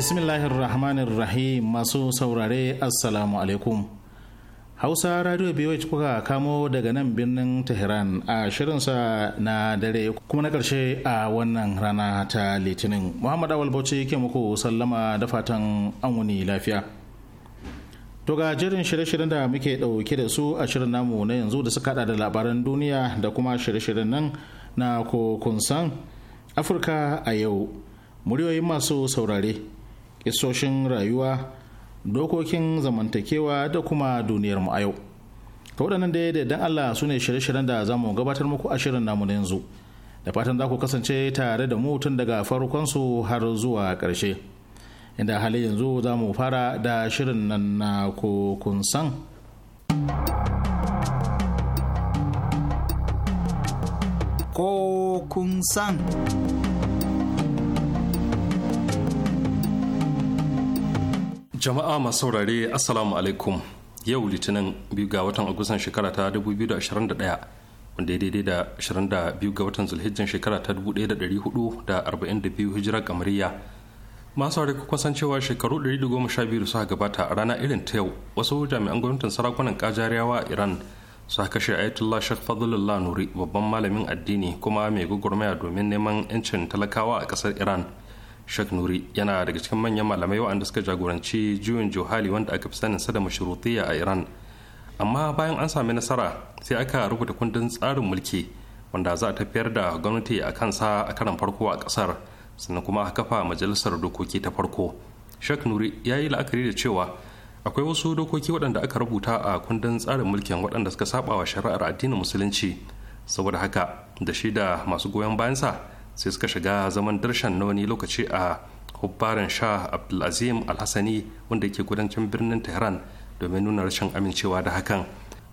Bismillahirrahmanirrahim masu saurare Assalamu alaikum. Hausa Radio BH kuka kamo daga nan birnin Tehran a shirinsa na dare kuma na ƙarshe a wannan rana ta Litinin. Muhammad Awal Bauchi ke muku sallama da fatan an lafiya. To ga jerin shirye-shiryen da muke ɗauke da su a shirin namu na yanzu da suka haɗa da labaran duniya da kuma shirye-shiryen nan na san Afirka a yau. Muryoyin masu saurare. kisoshin rayuwa dokokin zamantakewa da kuma duniyar mu a yau ta waɗannan da dan Allah su ne shirye-shiryen da za mu gabatar muku a shirin namu na yanzu da fatan za ku kasance tare da mu tun daga farkon su har zuwa ƙarshe inda hali yanzu za mu fara da shirin nan na kun san ko san jama'a masu saurare assalamu alaikum yau litinin biyu ga watan agustan shekara ta 2021 wanda ya daidai da 22 ga watan zulhijjan shekara ta 1442 hijirar kamariya masu saurare kuka san cewa shekaru 112 suka gabata a rana irin ta yau wasu jami'an gwamnatin sarakunan kajariyawa iran suka kashe ayatollah shek fadlullah nuri babban malamin addini kuma mai gwagwarmaya domin neman 'yancin talakawa a kasar iran Sheikh nuri yana daga cikin manyan malamai waɗanda suka jagoranci juyin johali wanda aka fi sanin sa da mashurutiya a iran amma bayan an sami nasara sai aka rubuta kundin tsarin mulki wanda za a tafiyar da gwamnati a kansa a karan farko a ƙasar sannan kuma aka kafa majalisar dokoki ta farko Sheikh nuri ya yi la'akari da cewa akwai wasu dokoki waɗanda aka rubuta a kundin tsarin mulkin waɗanda suka saba wa shari'ar addinin musulunci saboda haka da shi da masu goyon bayansa sai suka shiga zaman darshan na wani lokaci a hubbaran shah abdulazim alhassani wanda yake kudancin birnin tehran domin nuna rashin amincewa da hakan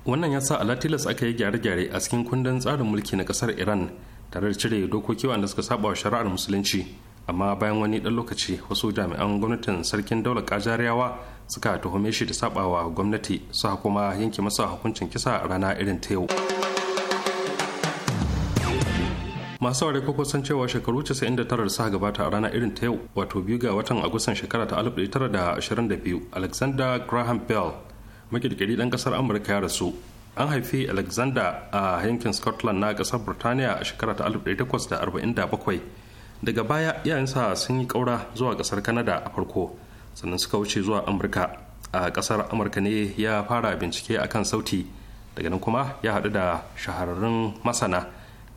wannan ya sa alatilas aka yi gyare-gyare a cikin kundin tsarin mulki na kasar iran tare da cire dokoki wanda suka saba wa shari'ar musulunci amma bayan wani dan lokaci wasu jami'an gwamnatin sarkin daular kajariyawa suka tuhume shi da sabawa gwamnati suka kuma yanke masa hukuncin kisa a rana irin ta yau masu saurari ko kusan cewa shekaru 99 da suka gabata a rana irin ta yau wato biyu ga watan agustan shekara ta 1922 alexander graham bell makirkiri dan kasar amurka ya rasu an haifi alexander a yankin scotland na kasar burtaniya a shekara ta 1847 daga baya yayansa sun yi kaura zuwa kasar Kanada a farko sannan suka wuce zuwa amurka a kasar amurka ne ya fara bincike akan sauti daga nan kuma ya haɗu da shahararrun masana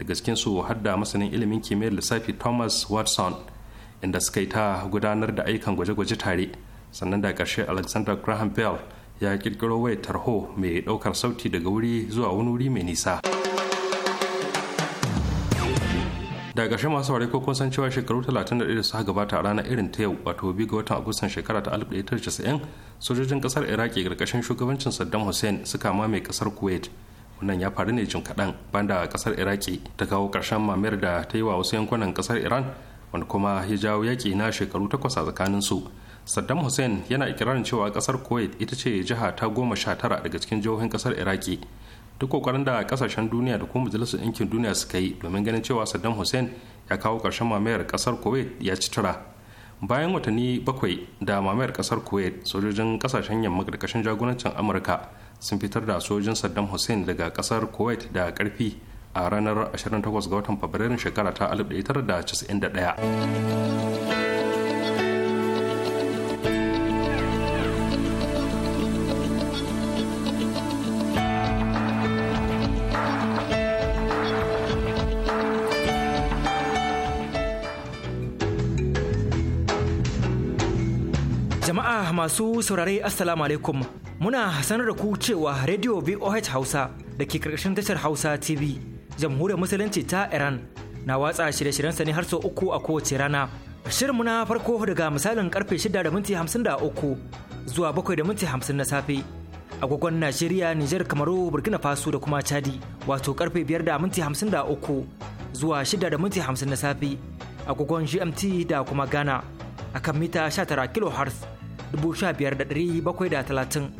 daga su har da masanin ilimin kimiyyar lissafi thomas watson inda suka yi ta gudanar da ayyukan gwaje-gwaje tare sannan da karshe alexander graham bell ya kirkiro wayar tarho mai ɗaukar sauti daga wuri zuwa wani wuri mai nisa da ƙarshe masu ware kun san cewa shekaru 31 da suka gabata a ranar irin ta yau wato biyu ga watan agustan shekara ta 1990 sojojin ƙasar iraki ƙarƙashin shugabancin saddam hussein suka mamaye ƙasar kuwait wannan ya faru ne jin kaɗan banda ƙasar iraki ta kawo ƙarshen mamayar da ta yi wa wasu yankunan ƙasar iran wanda kuma ya jawo yaƙi na shekaru takwas a tsakanin su saddam hussein yana ikirarin cewa ƙasar kuwait ita ce jiha ta goma sha tara daga cikin jihohin ƙasar iraki duk kokarin da ƙasashen duniya da kuma majalisar ɗinkin duniya suka yi domin ganin cewa saddam hussein ya kawo ƙarshen mamayar ƙasar kuwait ya ci tura bayan watanni bakwai da mamayar ƙasar kuwait sojojin ƙasashen yamma da ƙashin jagorancin amurka sun fitar da sojin saddam hussein daga kasar kuwait da karfi a ranar 28 ga watan fabrairun shekara ta 1991 masu saurare assalamu alaikum Muna sanar da ku cewa Radio VOH Hausa da ke karkashin tashar Hausa TV jamhuriyar musulunci ta Iran na watsa shirye-shiryensa ne har sau uku a kowace rana. Shirinmu na farko daga misalin karfe shida da minti uku, zuwa bakwai da minti hamsin na safe. Agogon Najeriya, Nijar, Kamaru, Burkina Faso da kuma Chadi wato karfe biyar da minti uku, zuwa shida da minti hamsin na safe. Agogon GMT da kuma Ghana akan mita 19 kHz 15,730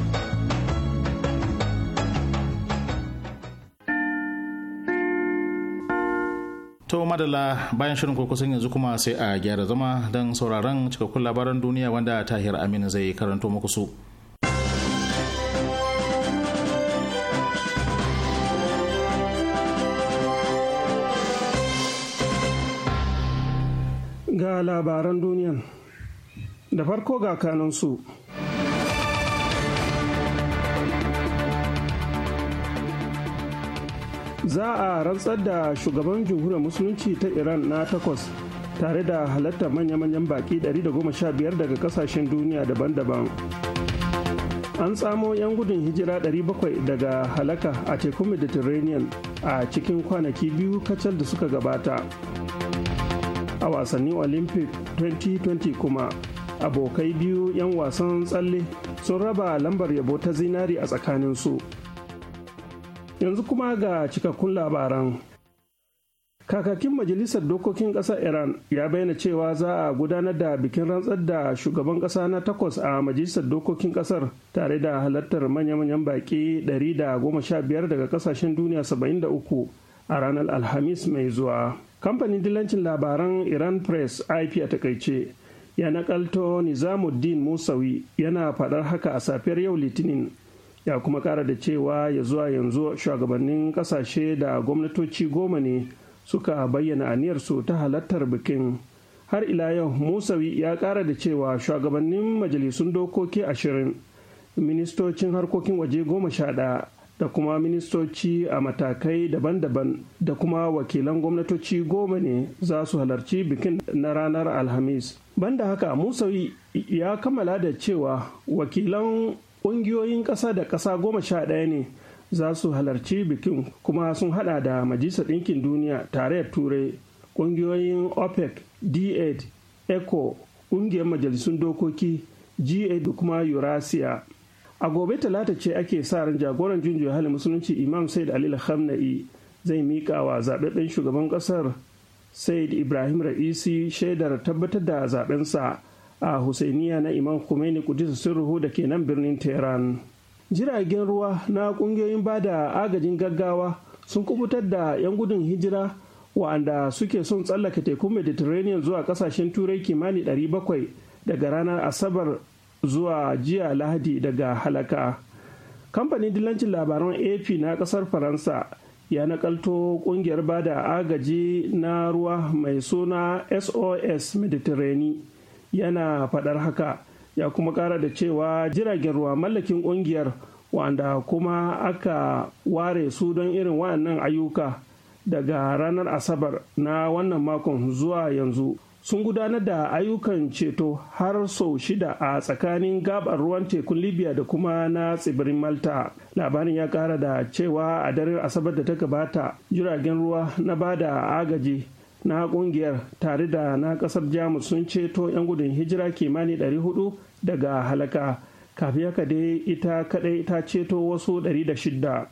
To madalla bayan shirin ko kusan yanzu kuma sai a gyara zama don sauraron cikakkun labaran duniya wanda Tahir Aminu zai karanto muku su. Ga labaran duniya da farko ga kanunsu. za a rantsar da shugaban jamhuriyar musulunci ta iran na takwas tare da halartar manya-manyan baki 115 daga kasashen duniya daban-daban an tsamo 'yan gudun hijira 700 daga halaka a tekun mediterranean a cikin kwanaki biyu kacal da suka gabata a wasannin olympic 2020 kuma abokai biyu 'yan wasan tsalle sun raba lambar yabo ta zinari a tsakaninsu. su yanzu kuma ga cikakkun labaran kakakin majalisar dokokin ƙasar iran ya bayyana cewa za a gudanar da bikin rantsar da shugaban ƙasa na takwas a majalisar dokokin ƙasar tare da halartar manya-manyan baƙi 115 daga ƙasashen duniya 73 a ranar alhamis mai zuwa kamfanin dilancin labaran iran press ip a takaice ya nakalto nizamuddin musawi yana faɗar haka a safiyar yau litinin ya kuma kara da cewa ya zuwa yanzu shugabannin kasashe da gwamnatoci goma ne suka bayyana aniyarsu ta halartar bikin har ila yau musawi ya kara da cewa shugabannin majalisun dokoki ashirin ministocin harkokin waje goma sha ɗaya da kuma ministoci a matakai daban-daban da kuma wakilan gwamnatoci goma ne za su halarci bikin na ranar alhamis banda haka musawi ya kammala da cewa wakilan ƙungiyoyin ƙasa da ƙasa goma sha ɗaya ne za su halarci bikin kuma sun hada da majalisar ɗinkin duniya tare da turai ƙungiyoyin opec d8 eco ƙungiyar majalisun dokoki ga da kuma eurasia a gobe talata ce ake sa ran jagoran junjo hali musulunci imam said alil khamna'i zai miƙa wa zaɓaɓɓen shugaban ƙasar said ibrahim ra'isi shaidar tabbatar da zaɓensa a Husainiya na Imam Khomeini Kudus Sirruhu da ke nan birnin Tehran. Jiragen ruwa na ƙungiyoyin ba da agajin gaggawa sun kubutar da 'yan gudun hijira wa'anda suke son tsallaka tekun Mediterranean zuwa ƙasashen Turai kimani 700 daga ranar Asabar zuwa jiya Lahadi daga halaka. Kamfanin dilancin labaran AP na ƙasar Faransa ya nakalto ƙungiyar ba da agaji na ruwa mai suna SOS Mediterranean. yana faɗar haka ya kuma ƙara da cewa jiragen ruwa mallakin ƙungiyar wanda kuma aka ware su don irin wannan ayyuka daga ranar asabar na wannan makon zuwa yanzu sun gudanar da ayyukan ceto har sau shida a tsakanin gabar ruwan tekun libya da kuma na tsibirin malta labarin ya kara da cewa a daren asabar da ta gabata jiragen ruwa na bada agaji na kungiyar tare da na kasar jamus sun ceto 'yan gudun hijira kimani 400 daga halaka kafin haka dai ita kadai ta ceto wasu 600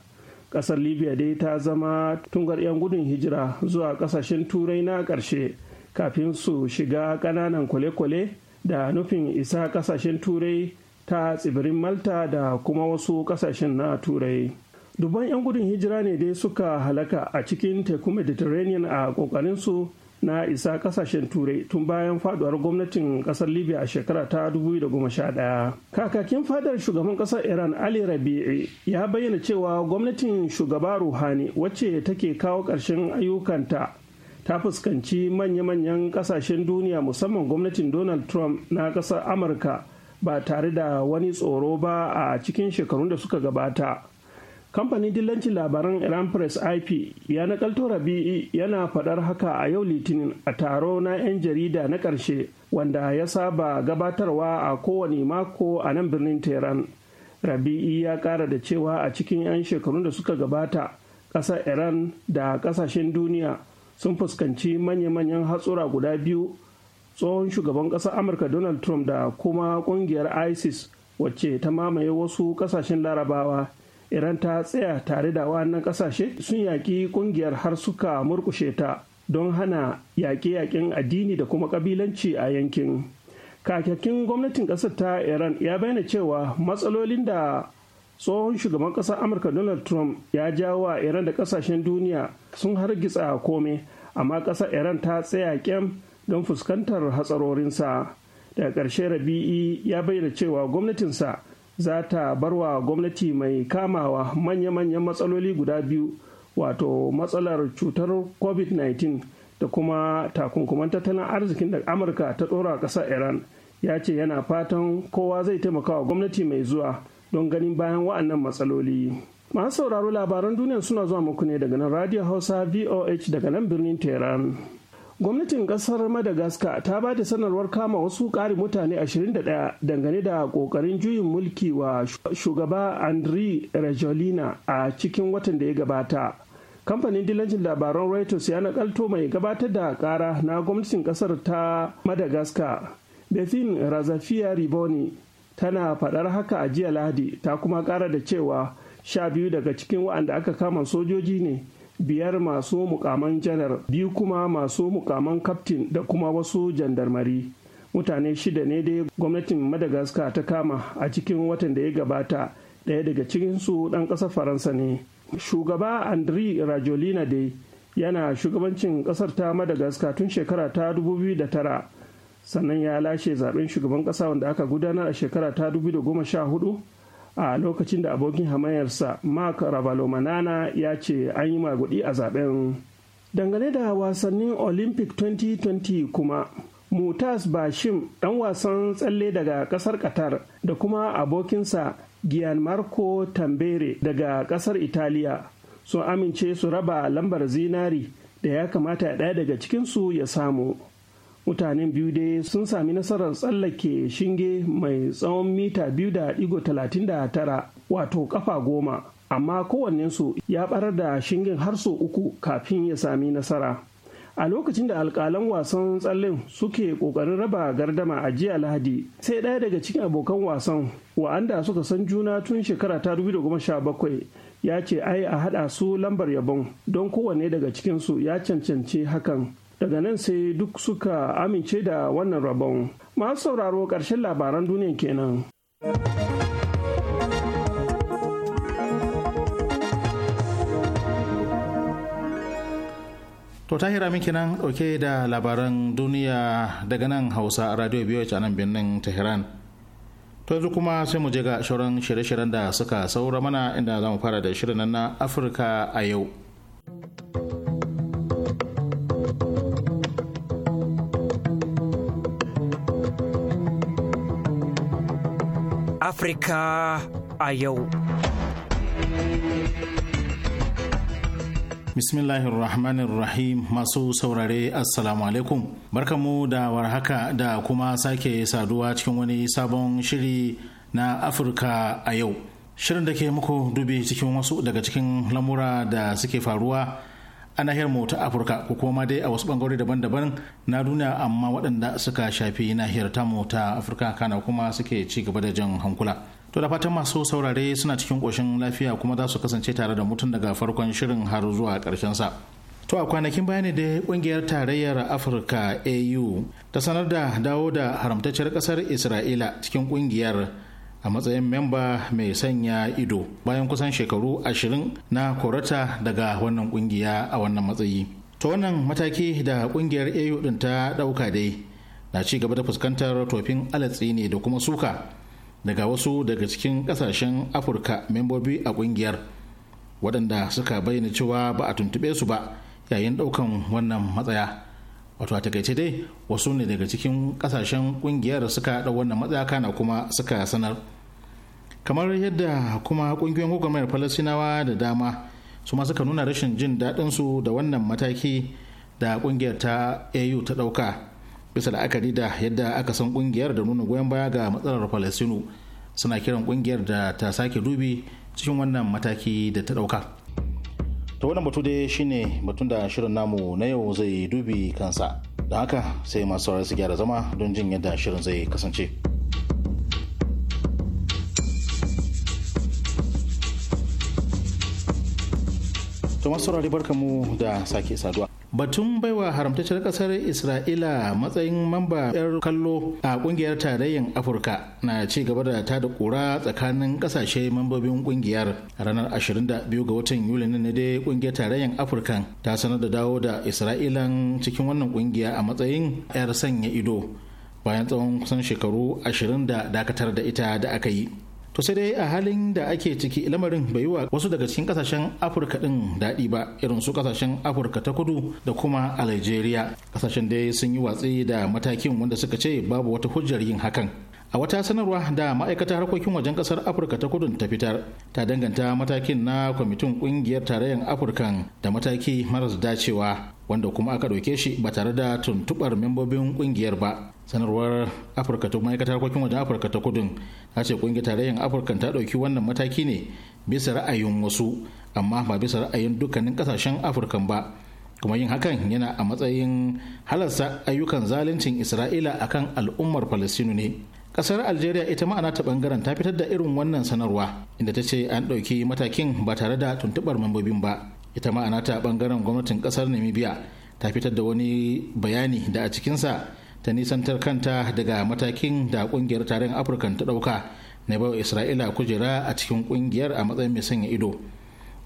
kasar libya dai ta zama tungar 'yan gudun hijira zuwa kasashen turai na karshe kafin su shiga kananan kwale-kwale da nufin isa kasashen turai ta tsibirin malta da kuma wasu kasashen na turai dubban 'yan gudun hijira ne dai suka halaka a cikin teku mediterranean a su na isa kasashen turai tun bayan faduwar gwamnatin kasar libya a shekara ta 2011 kakakin fadar shugaban kasar iran ali rabi'i ya bayyana cewa gwamnatin shugaba ruhani wacce take kawo ƙarshen ayyukanta ta fuskanci manya-manyan kasashen duniya musamman gwamnatin donald trump na kasar amurka ba tare da wani tsoro ba a cikin shekarun da suka gabata kamfanin dillancin labaran iran press ip ya nakalto rabi'i yana faɗar haka a yau litinin a taro na 'yan jarida na ƙarshe wanda ya saba gabatarwa a kowane mako a nan birnin tehran rabi'i ya ƙara da cewa a cikin 'yan shekarun da suka gabata ƙasar iran da ƙasashen duniya sun fuskanci manya-manyan hatsura guda biyu tsohon shugaban ƙasar amurka donald trump da kuma ƙungiyar isis wacce ta mamaye wasu ƙasashen larabawa iran ta tsaya tare da wannan kasashe sun yaƙi ƙungiyar har suka murkushe ta don hana yaƙe-yaƙen addini da kuma ƙabilanci a yankin kakakin gwamnatin ƙasar ta iran ya bayyana cewa matsalolin da tsohon shugaban ƙasar amurka donald trump ya jawo wa iran da ƙasashen duniya sun hargitsa kome amma ƙasar iran ta tsaya kyam don fuskantar hatsarorinsa daga ƙarshe rabi'i ya bayyana cewa gwamnatinsa za ta barwa gwamnati mai kamawa manya-manyan matsaloli guda biyu wato matsalar cutar covid-19 da kuma takunkuman tattalin arzikin da amurka ta ɗora ƙasar iran ya ce yana fatan kowa zai taimaka wa gwamnati mai zuwa don ganin bayan wa'annan matsaloli masu sauraro labaran duniya suna zuwa muku ne daga nan radio hausa voh daga nan birnin tehran gwamnatin kasar madagascar ta ba da sanarwar kama wasu ƙarin mutane 21 dangane da ƙoƙarin juyin mulki wa shugaba andri rajolina a cikin watan da ya gabata kamfanin dilancin labaran reuters ya nakalto mai gabatar da ƙara na gwamnatin kasar ta madagascar bethin razafia riboni tana faɗar haka a jiya lahadi ta kuma ƙara da cewa sha biyu daga cikin waɗanda aka kama sojoji ne biyar masu mukaman janar biyu kuma masu mukaman kaftin da kuma wasu jandarmari mutane shida ne dai gwamnatin madagascar ta kama a cikin watan da ya gabata daya daga cikinsu dan ƙasar faransa ne shugaba andri rajolina dai yana shugabancin kasar ta madagascar tun shekara ta 2009 sannan ya lashe zaben shugaban ƙasa wanda aka gudanar a shekara ta 2014 a lokacin da abokin hamayarsa mark ravalomanana ya ce an yi maguɗi a zaben dangane da wasannin olympic 2020 kuma mutas bashim ɗan wasan tsalle daga ƙasar qatar da kuma abokinsa marco tambere daga ƙasar italiya sun amince su raba lambar zinari da ya kamata ɗaya daga cikinsu ya samu mutanen biyu dai sun sami nasarar tsallake shinge mai tsawon mita biyu da digo talatin da tara wato kafa goma amma kowannensu ya barar da shingen har so uku kafin ya sami nasara a lokacin da alkalan wasan tsallen suke kokarin raba gardama a jiya lahadi sai ɗaya daga cikin abokan wasan wa'anda suka san juna tun shekara ta 2017 ya ce ai a haɗa su lambar yabon don kowanne daga cikinsu ya cancanci hakan daga nan sai duk suka amince da wannan rabon masu sauraro ƙarshen labaran duniya kenan To tahira min kenan ɗauke da labaran duniya daga nan Hausa Radio biyu a nan birnin Tehran. To yanzu kuma sai mu je ga shirin shirye-shiryen da suka saura mana inda za mu fara da shirin na Afirka a yau. Afrika a yau. Bismillahir Rahmanir Rahim masu saurare Assalamu alaikum. Barkamu da warhaka da kuma sake saduwa cikin wani sabon shiri na Afirka a yau. Shirin da ke muku dubi cikin wasu daga cikin lamura da suke faruwa a nahiyar mota ta afirka ko kuma dai a wasu bangarori daban-daban na duniya amma waɗanda suka shafi nahiyar tamu ta afirka kana kuma suke ci gaba da jan hankula to da fatan masu saurare suna cikin ƙoshin lafiya kuma za su kasance tare da mutum daga farkon shirin har zuwa ƙarshen sa to a kwanakin baya ne da kungiyar tarayyar afirka au ta sanar da dawo da haramtacciyar ƙasar isra'ila cikin ƙungiyar. a matsayin memba mai sanya ido bayan kusan shekaru ashirin na korata daga wannan kungiya a wannan matsayi ta wannan mataki da kungiyar au din ta dauka dai na ci gaba da fuskantar tofin alatsi ne da kuma suka daga wasu daga cikin kasashen afirka membobi a kungiyar waɗanda suka bayyana cewa ba a tuntube su ba yayin ɗaukan wannan matsaya wato a takaice dai wasu ne daga cikin kasashen kungiyar suka haɗa wannan matsaya na kuma suka sanar kamar yadda kuma kungiyoyin gwagwarmayar falasinawa da dama su ma suka nuna rashin jin daɗin su da wannan mataki da kungiyar ta au ta ɗauka bisa la'akari da yadda aka san kungiyar da nuna goyon baya ga matsalar falasinu suna kiran kungiyar da ta sake dubi cikin wannan mataki da ta ɗauka. to wannan batu dai shine batun da shirin namu na yau zai dubi kansa don haka sai masu saurari su gyara zama don jin yadda shirin zai kasance to masu saurari barkamu da sake saduwa batun baiwa haramtacciyar kasar isra'ila matsayin mamba 'yar kallo a kungiyar tarayyar afirka na ci gaba da ta da kura tsakanin kasashe mambobin kungiyar ranar 22 ga watan yuli na dai kungiyar tarayyar afirka ta sanar da dawo da isra'ilan cikin wannan kungiya a matsayin 'yar sanya ido bayan tsawon kusan shekaru 20 da dakatar da ita da aka yi to sai dai a halin da ake ciki lamarin bai yi wa wasu daga cikin kasashen afirka din daɗi ba irin su kasashen afirka ta kudu da kuma a nigeria kasashen dai sun yi watsi da matakin wanda suka ce babu wata hujjar yin hakan a wata sanarwa da ma'aikatar harkokin wajen kasar afirka ta kudu ta fitar ta danganta matakin na kwamitin kungiyar tarayyar afirkan da mataki maras dacewa wanda kuma aka ɗauke shi ba tare da tuntubar membobin kungiyar ba sanarwar afirka ta ma'aikatar harkokin wajen afirka ta kudu ta ce kungiyar tarayyar afirkan ta ɗauki wannan mataki ne bisa ra'ayin wasu amma ba bisa ra'ayin dukkanin kasashen afirkan ba kuma yin hakan yana a matsayin halarsa ayyukan zaluncin isra'ila akan al'ummar palestinu ne kasar algeria ita ma ana ta bangaren ta fitar da irin wannan sanarwa inda ta ce an ɗauki matakin ba tare da tuntuɓar mambobin ba ita ma ana ta bangaren gwamnatin kasar namibia ta fitar da wani bayani da a cikinsa ta nisantar kanta daga matakin da kungiyar tarayyar afirka ta ɗauka na bawa isra'ila kujera a cikin kungiyar a matsayin mai sanya ido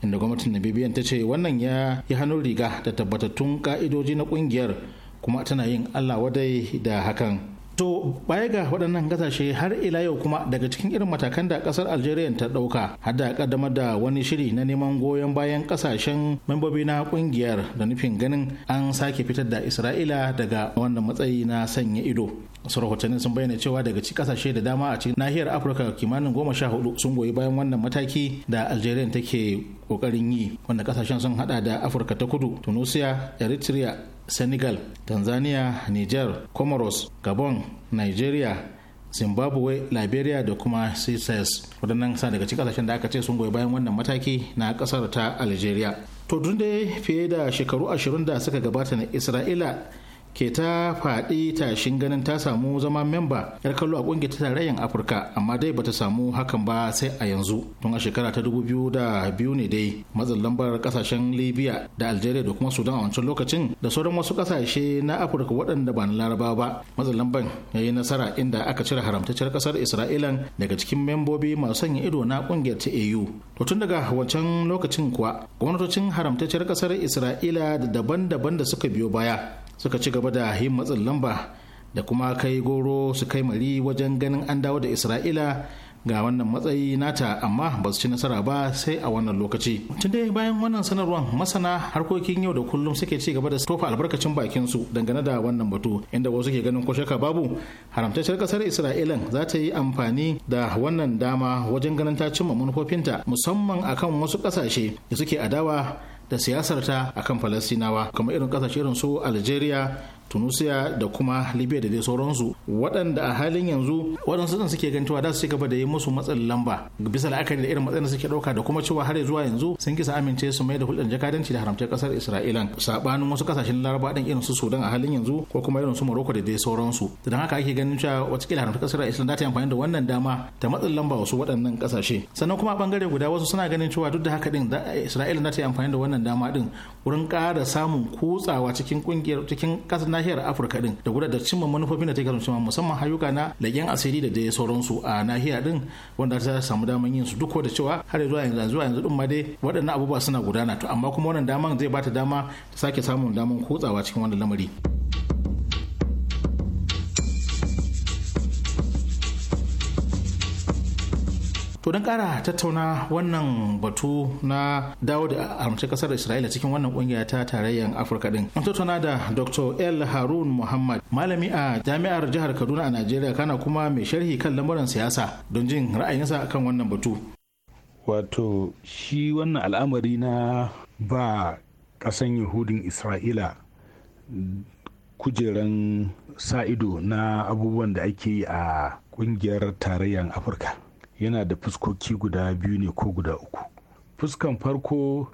inda gwamnatin namibia ta ce wannan ya yi hannun riga da tabbatattun ka'idoji na kungiyar kuma tana yin allah wadai da hakan To baya ga waɗannan kasashe har ila yau kuma daga cikin irin matakan da kasar Algeria ta ɗauka har da ƙaddamar da wani shiri na neman goyon bayan kasashen membobi na ƙungiyar da nufin ganin an sake fitar da Isra'ila daga wanda matsayi na sanya ido. wasu rahotannin sun bayyana cewa daga cikin kasashe da dama a cikin nahiyar afirka kimanin goma sha hudu sun goyi bayan wannan mataki da algeria take kokarin yi wanda kasashen sun hada da afirka ta kudu tunisia eritrea senegal tanzania niger comoros gabon nigeria zimbabwe liberia da kuma seychelles waɗannan sa daga cikin ƙasashen da aka ce sun goyi bayan wannan mataki na ƙasar ta algeria to dai fiye da shekaru ashirin da suka gabata na isra'ila ke ta faɗi tashin ganin ta samu zama memba yar kallo a kungiyar ta tarayyar afirka amma dai bata samu hakan ba sai a yanzu tun a shekara ta dubu biyu da biyu ne dai matsin lambar kasashen libya da algeria da kuma sudan a wancan lokacin da sauran wasu kasashe na afirka waɗanda ba na laraba ba matsin lambar ya yi nasara inda aka cire haramtacciyar kasar isra'ila daga cikin membobi masu sanya ido na kungiyar ta au to tun daga wancan lokacin kuwa gwamnatocin haramtacciyar kasar isra'ila daban-daban da suka biyo baya suka ci gaba da yin matsin lamba da kuma kai goro su kai mari wajen ganin an dawo da isra'ila ga wannan matsayi nata amma ba su ci nasara ba sai a wannan lokaci tun dai bayan wannan sanarwar masana harkokin yau da kullum suke ci gaba da tofa albarkacin bakin su dangane da wannan batu inda wasu ke ganin ko shaka babu haramtacciyar kasar isra'ilan za ta yi amfani da wannan dama wajen ganin ta cimma manufofinta musamman akan wasu kasashe da suke adawa da siyasarta akan falastinawa kamar irin kasashe irin su algeria tunisia da kuma libya da dai sauransu waɗanda a halin yanzu waɗansu sun suke gantuwa da su ci gaba da yi musu matsin lamba bisa la'akari da irin matsayin da suke ɗauka da kuma cewa har zuwa yanzu sun kisa amince su mai da hulɗar jakadanci da haramtar ƙasar isra'ila saɓanin wasu ƙasashen laraba ɗin irin su sudan a halin yanzu ko kuma irin su morocco da dai sauransu don haka ake ganin cewa watakila haramtar ƙasar isra'ila za ta yi amfani da wannan dama ta matsin lamba wasu waɗannan ƙasashe sannan kuma a ɓangare guda wasu suna ganin cewa duk da haka ɗin isra'ila za ta yi amfani da wannan dama ɗin wurin ƙara samun kutsawa cikin ƙungiyar cikin ƙasar nahiyar afirka din da gudanar da cimma manufofin da ta kasance musamman hayuka na leƙen asiri da dai sauransu a nahiya din wanda ta samu daman yin su duk da cewa har zuwa yanzu zuwa yanzu din ma dai waɗannan abubuwa suna gudana to amma kuma wannan daman zai bata dama ta sake samun daman kotsawa cikin wannan lamari. to don kara tattauna wannan batu na dawo da armace kasar isra'ila cikin wannan kungiya ta tarayyar afirka din an tattauna da dr el harun muhammad malami a jami'ar jihar kaduna a najeriya kana kuma mai sharhi kan lamuran siyasa don jin ra'ayinsa kan wannan batu wato shi wannan al'amari na ba kasan yahudin isra'ila kujeran sa ido na abubuwan da ake yi a kungiyar tarayyar afirka yana da fuskoki guda biyu ne ko guda uku fuskan farko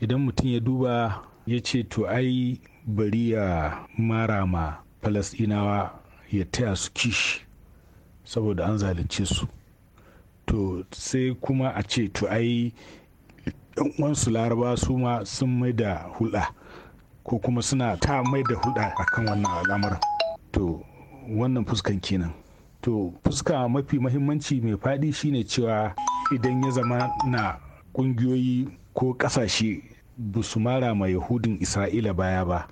idan mutum ya duba ya ce to ai bari ya mara ma falasɗinawa ya taya su kishi saboda an zalunce su to sai kuma a ce to ai uwansu laraba su ma sun mai da hulɗa ko kuma suna ta mai da hulɗa akan wannan al'amuran to wannan fuskan kenan to fuska mafi mahimmanci mai faɗi shine cewa idan ya zama na ƙungiyoyi ko ƙasashe ba su mara ma yahudin isra'ila baya ba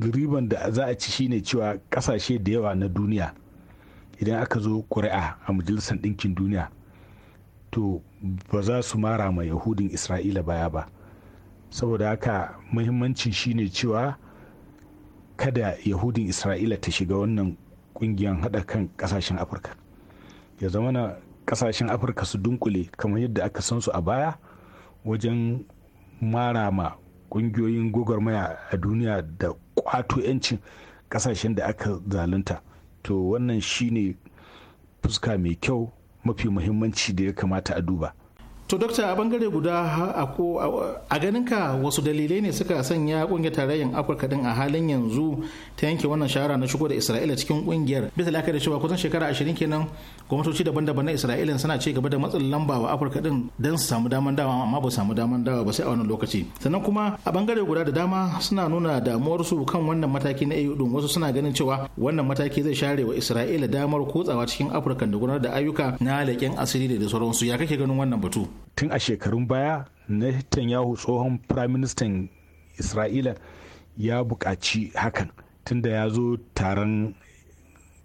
riban da za a ci shine cewa ƙasashe da yawa na duniya idan aka zo ƙuri'a a majalisar ɗinkin duniya to ba za su mara ma yahudin isra'ila baya ba saboda haka mahimmancin shine cewa kada yahudin isra'ila ta shiga wannan kungiyar hada kan kasashen afirka ya zama na kasashen afirka su dunkule kamar yadda aka san su a baya wajen mara ma ƙungiyoyin gwagwarmaya a duniya da kwato 'yancin kasashen da aka zalunta to wannan shine fuska mai kyau mafi muhimmanci da ya kamata a duba to dokta a bangare guda a ganinka wasu dalilai ne suka sanya kungiyar tarayyar afirka din a halin yanzu ta yanke wannan shara na shigo da isra'ila cikin kungiyar bisa da cewa kusan shekara ashirin kenan gwamnatoci daban-daban na isra'ila suna ci gaba da matsin lamba wa afirka din don su samu daman dawa amma ba samu daman dawa ba sai a wannan lokaci sannan kuma a bangare guda da dama suna nuna damuwarsu kan wannan mataki na au din wasu suna ganin cewa wannan mataki zai share wa isra'ila damar kotsawa cikin afirka da gudanar da ayyuka na leƙen asiri da sauransu ya kake ganin wannan batu tun a shekarun baya na netanyahu tsohon firaministan isra'ila ya buƙaci hakan tunda ya zo taron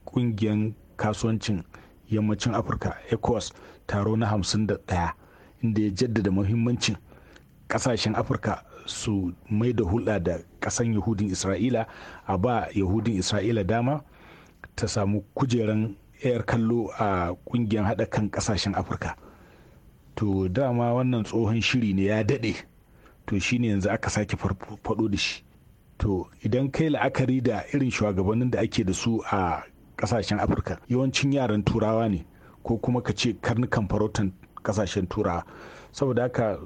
ƙungiyar kasuwancin yammacin afirka ecos taro na 51 inda ya jaddada muhimmancin ƙasashen afirka su mai da hulɗa da ƙasan yahudin isra'ila a ba yahudin isra'ila dama ta samu kujeran 'yar kallo a ƙungiyar haɗa kan ƙasashen afirka to dama wannan tsohon shiri ne ya daɗe to shine yanzu aka sake faɗo da shi to idan kai la'akari da irin shugabannin da ake da su a ƙasashen afirka yawancin yaran turawa ne ko kuma ka ce karnukan farautan ƙasashen turawa saboda haka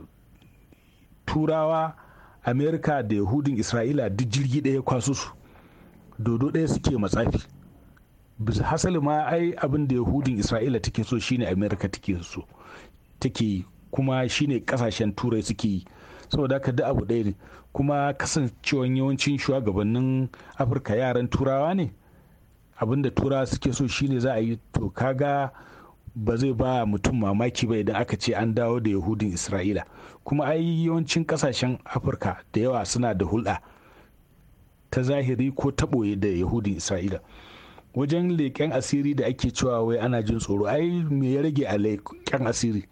turawa amerika da yahudin isra'ila duk jirgi ɗaya kwaso su dodo ɗaya suke matsafi hasali ma ai abin da yahudin isra'ila take so shine amerika take so take yi kuma shine kasashen turai suke yi saboda haka da abu ɗaya ne kuma kasancewan yawancin shugabannin afirka yaran turawa ne abinda turawa suke so shine za a yi to kaga ba zai ba mutum mamaki ba idan aka ce an dawo da yahudin isra'ila kuma ai yawancin kasashen afirka da yawa suna da hulɗa ta zahiri ko taɓoye da yahudin isra'ila wajen leƙen asiri da ake cewa wai ana jin tsoro ai me ya rage a leƙen asiri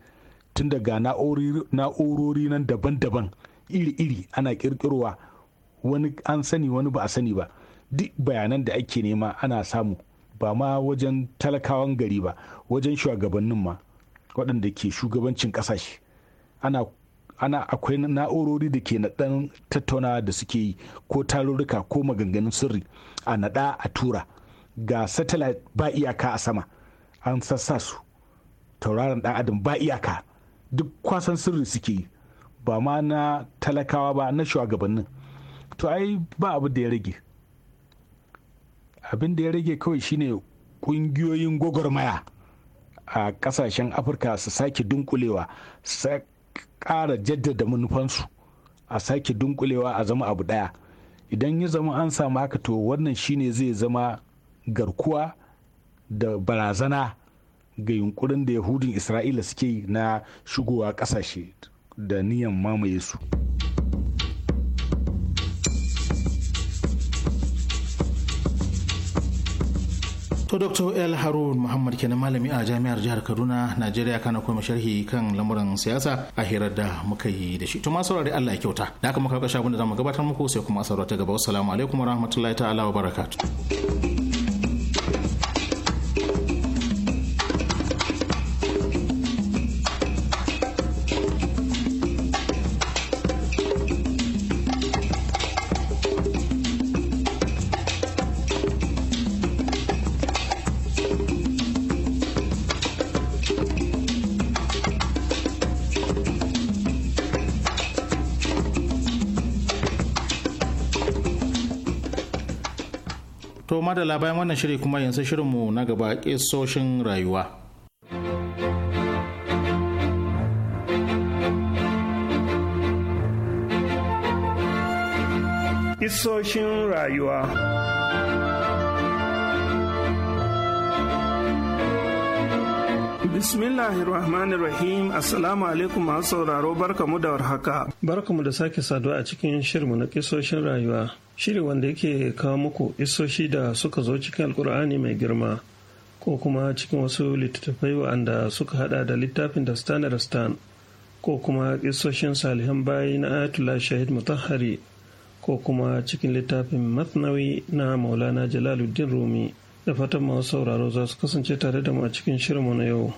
tun daga na'urori nan daban-daban iri-iri ana kirkirowa wani an sani wani ba a sani ba duk bayanan da ake nema ana samu ba ma wajen talakawan gari ba wajen shugabannin ma waɗanda ke shugabancin ƙasashe ana akwai na'urori da ke naɗan tattaunawa da suke yi ko tarurruka ko maganganun sirri a naɗa a tura ga satellite ba iyaka a sama an sassa su tauraron ɗan adam ba iyaka duk kwasan sirri suke ba ma na talakawa ba na shugabannin to ai ba abu da ya rage abin da ya rage kawai shine kungiyoyin gwagwarmaya a kasashen afirka su sake dunkulewa su ƙara jaddada manufansu a sake dunkulewa a zama abu ɗaya idan ya zama an samu haka to wannan shine zai zama garkuwa da barazana ga yunkurin da yahudin isra'ila suke na shigowa kasashe da niyan mamaye su To Dr. El Harun Muhammad kenan malami a Jami'ar Jihar Kaduna, Najeriya kana kuma sharhi kan lamuran siyasa a hirar da muka yi da shi. To ma saurari Allah ya kyauta. Da aka muka kashe abinda da mu gabatar muku sai kuma saurata gaba. wasu alaikum warahmatullahi ta'ala wa barakatuh. Kuma da labayan wannan shiri kuma yanzu shirinmu na gaba ƙisoshin rayuwa Isoshin rayuwa Bismillahirrahmanirrahim Assalamu alaikum masu sauraro barkamu da warhaka. Barkamu da sake saduwa a cikin shirmu na kisoshin rayuwa. Shiri wanda yake kawo muku isoshi da suka zo cikin alkur'ani mai girma ko kuma cikin wasu littattafai wa'anda suka hada da littafin da stan stan ko kuma isoshin salihan bayi na Ayatollah Shahid Mutahari ko kuma cikin littafin Matnawi na Maulana Jalaluddin Rumi. da fatan masu sauraro za su kasance tare da mu a cikin shirinmu na yau.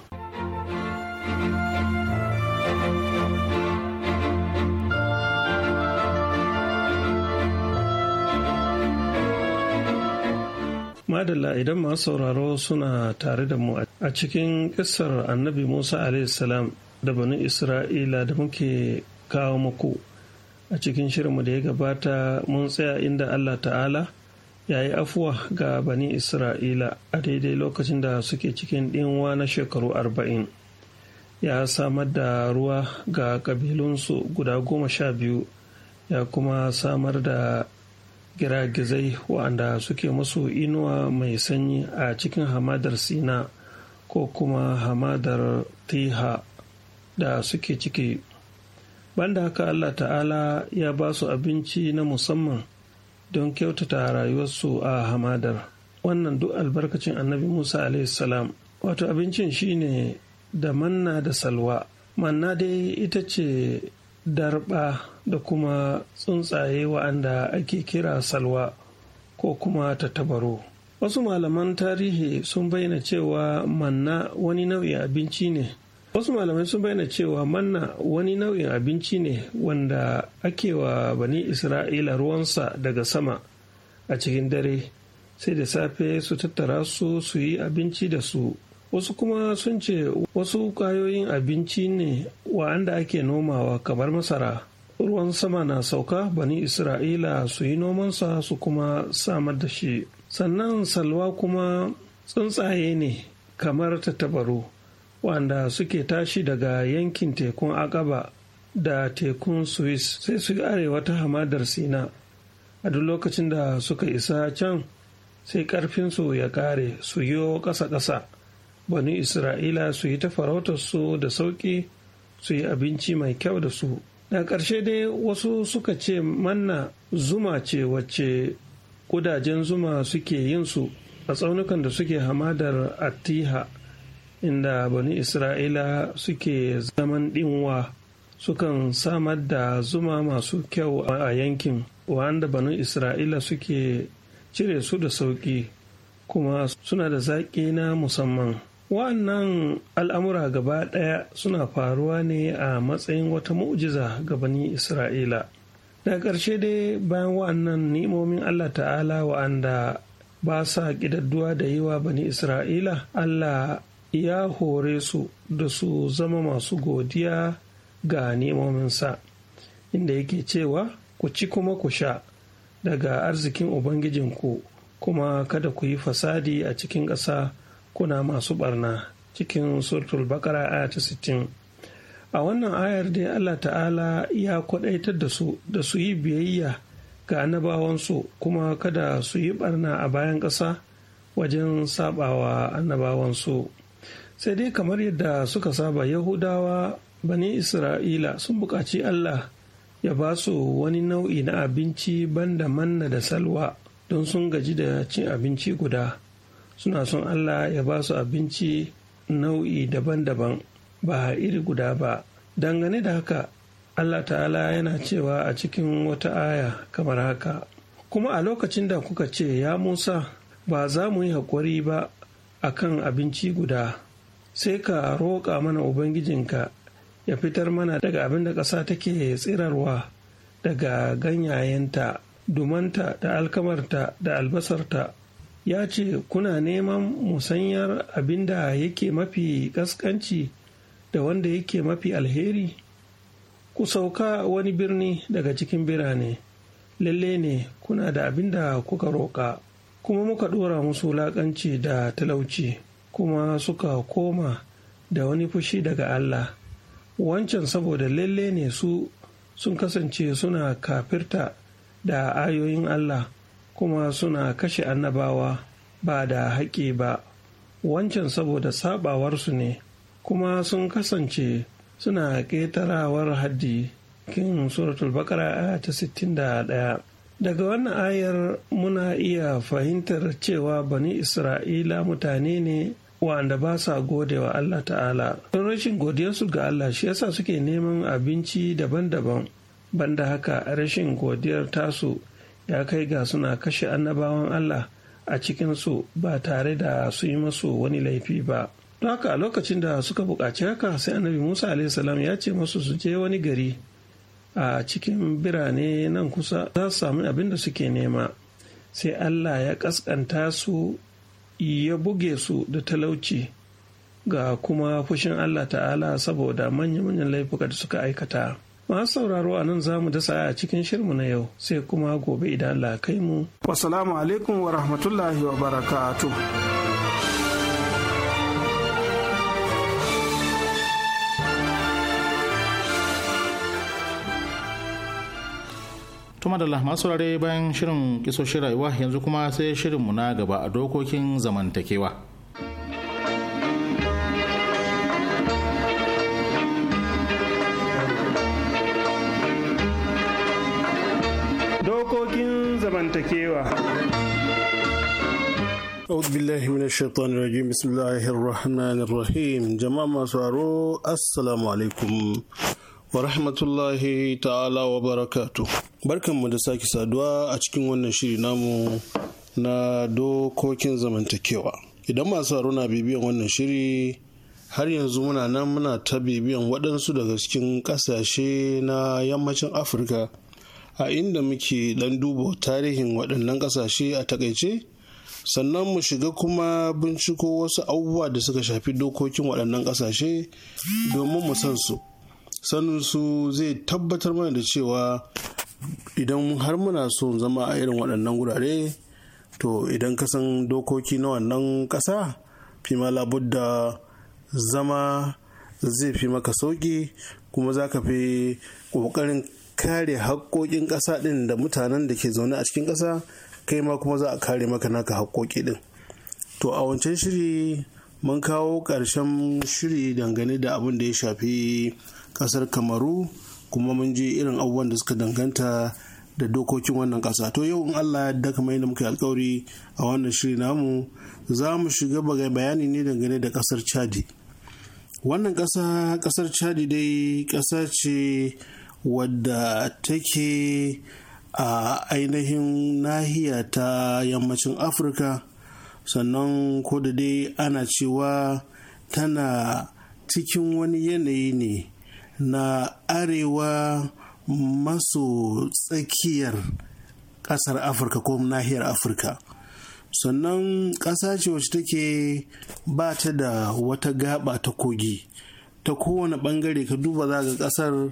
Madalla idan masu sauraro suna tare da mu a cikin kisar annabi Musa salam da banin Isra'ila da muke kawo muku a cikin shirinmu da ya gabata mun tsaya inda Allah ta'ala ya yi afuwa ga bani isra'ila a daidai lokacin da suke cikin ɗinwa na shekaru arba'in ya samar da ruwa ga ƙabilunsu guda goma sha biyu ya kuma samar da giragizai waɗanda suke musu inuwa mai sanyi a cikin hamadar sina ko kuma hamadar tiha da suke ciki banda haka allah ta'ala ya ba su abinci na musamman don kyautata rayuwarsu a hamadar wannan duk albarkacin annabi musa salam wato abincin shine da manna da salwa manna dai ita ce darba da kuma tsuntsaye wa'anda ake kira salwa ko kuma tattabaro wasu malaman tarihi sun bayyana cewa manna wani nau'in abinci ne wasu malamai sun bayyana cewa manna wani nau'in abinci ne wanda ake wa bani isra'ila ruwansa daga sama a cikin dare sai da safe su tattara su su yi abinci da su wasu kuma sun ce wasu kwayoyin abinci ne wa'anda ake nomawa kamar masara ruwan sama na sauka bani isra'ila su yi nomansa su kuma samar da shi sannan salwa kuma tsuntsaye ne kamar tattabaru wanda suke tashi daga yankin tekun akaba da tekun swiss sai su yi arewa ta hamadar sina a duk lokacin da suka isa can sai ƙarfinsu ya ƙare su yi ƙasa-ƙasa bani isra'ila su yi ta farautarsu da sauƙi su yi abinci mai kyau da su da ƙarshe dai wasu suka ce manna zuma ce wacce ƙudajen zuma suke yin su a tsaunukan da suke hamadar Atiha. inda bani isra'ila suke zaman ɗinwa sukan samar da zuma masu kyau a yankin wanda bani isra'ila suke cire su da sauƙi kuma suna da zaƙi na musamman wa'annan al'amura gaba ɗaya suna faruwa ne a matsayin wata mu'jiza ga bani isra'ila da ƙarshe dai bayan wa'annan ni'imomin allah ta'ala wa'anda ba sa ƙidadduwa da yiwa bani isra'ila allah ya hore su da su zama masu godiya ga nemominsa inda yake cewa ku ci kuma ku sha daga arzikin ubangijinku kuma kada ku yi fasadi a cikin ƙasa kuna masu barna cikin surtul bakara a sittin. a wannan ayar dai allah ta'ala ya kwadaitar da su da su yi biyayya ga annabawansu kuma kada su yi barna a bayan ƙasa wajen sabawa annabawansu sai dai kamar yadda suka saba yahudawa bani isra'ila sun buƙaci allah ya ba su wani nau'i na abinci banda manna da salwa don sun gaji da cin abinci guda suna son allah ya ba su abinci nau'i daban-daban ba iri guda ba dangane da haka allah ta'ala yana cewa a cikin wata aya kamar haka kuma a lokacin da kuka ce ya musa ba za mu yi haƙuri ba a kan abinci guda sai ka roƙa mana ubangijinka ya fitar mana daga abin da ƙasa take tsirarwa daga ganyayenta dumanta da alkamarta da albasarta ya ce kuna neman musanyar abin da yake mafi ƙasƙanci da wanda yake mafi alheri ku sauka wani birni daga cikin birane lalle ne kuna da abin da kuka roƙa kuma muka ɗora musu laƙanci da talauci kuma suka koma da wani fushi daga Allah wancan saboda lalle ne su sun kasance suna kafirta da ayoyin Allah kuma suna kashe annabawa ba da haƙƙi ba wancan saboda sabawarsu ne kuma sun kasance suna ƙetarawar haddi kin suratul bakara ta 61 daga wannan ayar muna iya fahimtar cewa bani isra'ila mutane ne wanda ba sa gode wa Allah ta'ala don rashin godiyarsu ga Allah shi yasa suke neman abinci daban-daban banda haka rashin godiyar tasu ya kai ga suna kashe annabawan Allah a cikinsu ba tare da su yi masu wani laifi ba. Don haka lokacin da suka buƙaci haka sai annabi Musa ya ce masu su je wani gari a cikin birane nan kusa za su sami abin da suke nema sai allah ya kaskanta su ya buge su da talauci ga kuma fushin allah ta'ala saboda manya-manyan laifuka da suka aikata masu sauraro a nan za mu dasa a cikin shirmu na yau sai kuma gobe idan allah kai mu wasalamu alaikum wa rahmatullahi wa barakatuh tuma da masu rare bayan shirin kisoshin rayuwa yanzu kuma sai shirinmu na gaba a dokokin zamantakewa dokokin zamantakewa أعوذ بالله من الشيطان الرجيم بسم الله الرحمن الرحيم جماعة مسوارو السلام عليكم wa rahmatullahi ta'ala wa barakatu barkanmu da sake saduwa a cikin wannan shiri namu na dokokin zamantakewa idan masu na bibiyan wannan shiri har yanzu muna nan muna ta bibiyan waɗansu daga cikin ƙasashe na yammacin afirka a inda muke ɗan duba tarihin waɗannan ƙasashe a takaice sannan mu shiga kuma binciko wasu abubuwa da suka shafi dokokin waɗannan ƙasashe domin mu san su sanin su zai tabbatar mana da cewa idan har muna so zama a irin waɗannan wurare to idan ka san dokoki na wannan ƙasa ma labudda zama zai fi maka sauƙi kuma za ka fi ƙoƙarin kare haƙoƙin ƙasa ɗin da mutanen da ke zaune a cikin ƙasa kai ma kuma za a kare maka naka haƙoƙi ɗin to a wancan shiri mun kawo ƙarshen shiri dangane da abin da ya shafi kasar kamaru kuma mun ji irin abubuwan da suka danganta da dokokin wannan kasa to yau in allah daga mai da muka alkawari a wannan shiri namu za mu shiga bayani ne dangane da kasar chadi wannan kasa kasar chadi dai kasa ce wadda take a ainihin nahiya ta yammacin afirka sannan ko da dai ana cewa tana cikin wani yanayi ne na arewa maso tsakiyar ƙasar afirka ko nahiyar afirka sannan kasa ce wacce take ba ta da wata gaba ta kogi ta kowane ɓangare ka duba za ga ƙasar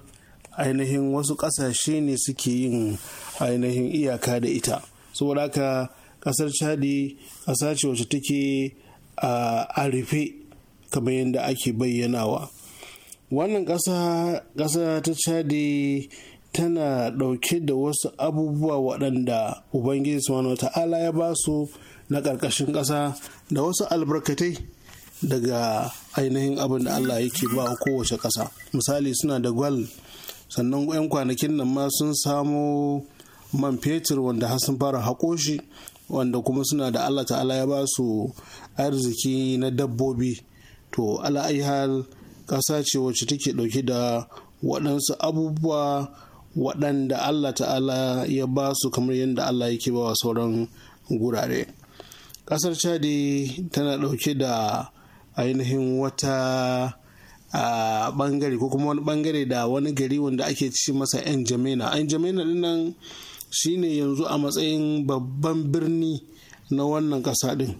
ainihin wasu ƙasashe ne suke yin ainihin iyaka da ita saboda haka ƙasar chadi kasa ce wacce take ah, a rufe kamar yadda ake bayyanawa wannan ƙasa ƙasa ta cadi tana ɗauke da wasu abubuwa waɗanda ubangiji subhanahu ta'ala ya ba su na ƙarƙashin ƙasa da wasu albarkatai daga ainihin abin da Allah yake ba kowace ƙasa misali suna da gwal sannan 'yan kwanakin nan ma sun samo man fetur wanda har sun fara haƙo shi wanda kuma suna da Allah ta'ala ya ba su arziki na dabbobi to ala'ihal ƙasa ce wacce take ɗauki da waɗansu abubuwa waɗanda Allah ta'ala ya ba su kamar yadda Allah yake ba wa sauran gurare ƙasar chadi tana ɗauke da ainihin wata a ɓangare ko kuma wani ɓangare da wani gari wanda ake ci masa 'yan jamena 'yan jamena dinnan shine yanzu a matsayin babban birni na wannan ƙasa din,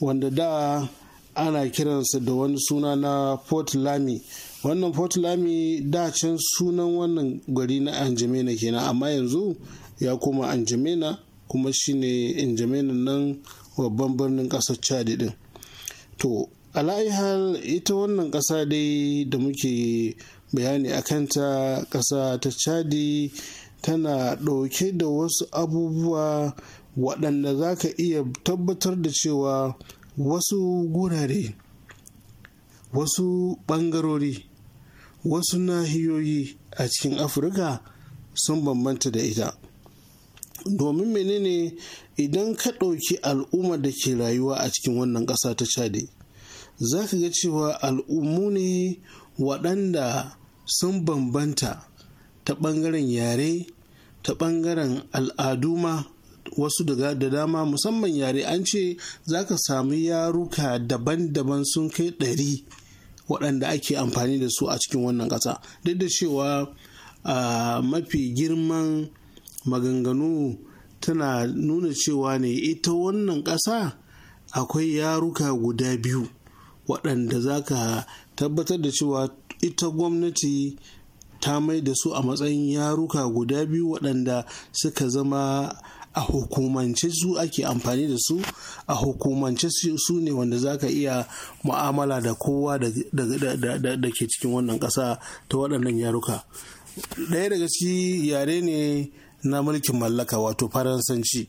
wanda da ana kiransa da wani suna na port lamy wannan port da can sunan wannan gari na anjamena kenan amma yanzu ya koma anjamena kuma shine anjamena nan babban birnin kasar chad din to ala'ihal ita wannan kasa dai da muke bayani a kanta kasa ta chadi tana dauke da wasu abubuwa waɗanda za ka iya tabbatar da cewa wasu gurare wasu ɓangarori wasu nahiyoyi a cikin afirka sun bambanta da ita domin menene idan ka ɗauki al'ummar da ke rayuwa a cikin wannan ƙasa ta chade za ka ga cewa al'ummu ne waɗanda sun bambanta ta ɓangaren yare ta ɓangaren al'adu ma wasu daga da dama musamman yare an ce za ka sami yaruka daban-daban sun kai ɗari waɗanda ake amfani da su a cikin wannan ƙasa duk da cewa mafi girman maganganu tana nuna cewa ne ita wannan ƙasa akwai yaruka guda biyu waɗanda za ka tabbatar da cewa ita gwamnati ta mai da su a matsayin yaruka guda biyu waɗanda suka zama a hukumance su ake amfani da su a hukumance su ne wanda za ka iya mu'amala da kowa da ke cikin wannan ƙasa ta waɗannan yaruka ɗaya daga shi yare ne na mulkin mallaka wato faransanci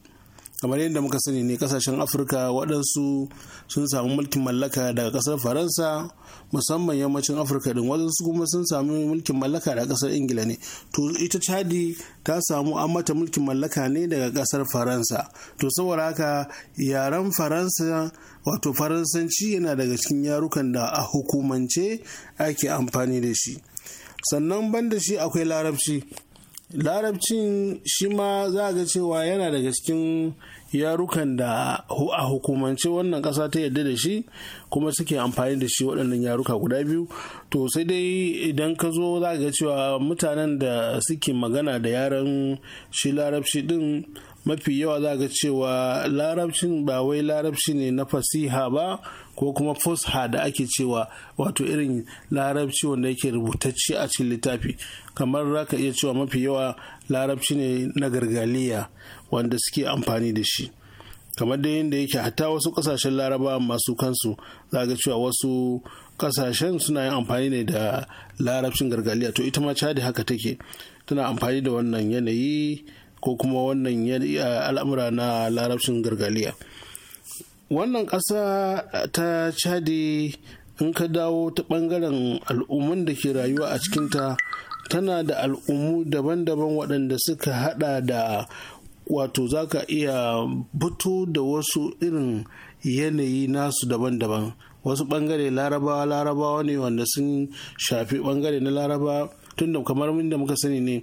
kamar yadda muka sani ne kasashen afirka waɗansu sun samu mulkin mallaka daga ƙasar faransa musamman yammacin afirka din waɗansu kuma sun sami mulkin mallaka daga ƙasar ingila ne to ita chadi ta samu an mata mulkin mallaka ne daga ƙasar faransa to saboda haka yaren faransa wato faransanci yana daga cikin yarukan da a hukumance ake amfani da shi sannan banda shi akwai larabci larabcin shi ma za ga cewa yana daga cikin yarukan da a hukumance wannan ƙasa ta yadda da shi kuma suke amfani da shi waɗannan yaruka guda biyu to sai dai idan ka zo za ga cewa mutanen da suke magana da yaran shi larabci din mafi yawa za ga cewa larabcin ba wai larabci ne na fasiha ba ko kuma fusha da ake cewa wato irin larabci wanda yake rubutacce a cikin littafi kamar za ka iya cewa mafi yawa larabci ne na gargaliya wanda suke amfani da shi kamar da yadda yake hatta wasu kasashen laraba masu kansu za ga cewa wasu kasashen suna yin amfani ne da larabcin gargaliya to ita ma cadi haka take tana amfani da wannan yanayi ko kuma wannan al'amura na larabcin gargaliya wannan ƙasa ta chadi in ka dawo ta ɓangaren al'umman da ke rayuwa a cikinta tana da al'ummu daban-daban waɗanda suka haɗa da wato za ka iya fito da wasu irin yanayi nasu daban-daban wasu ɓangare larabawa larabawa ne wanda sun shafi ɓangare na laraba tunda kamar da muka sani ne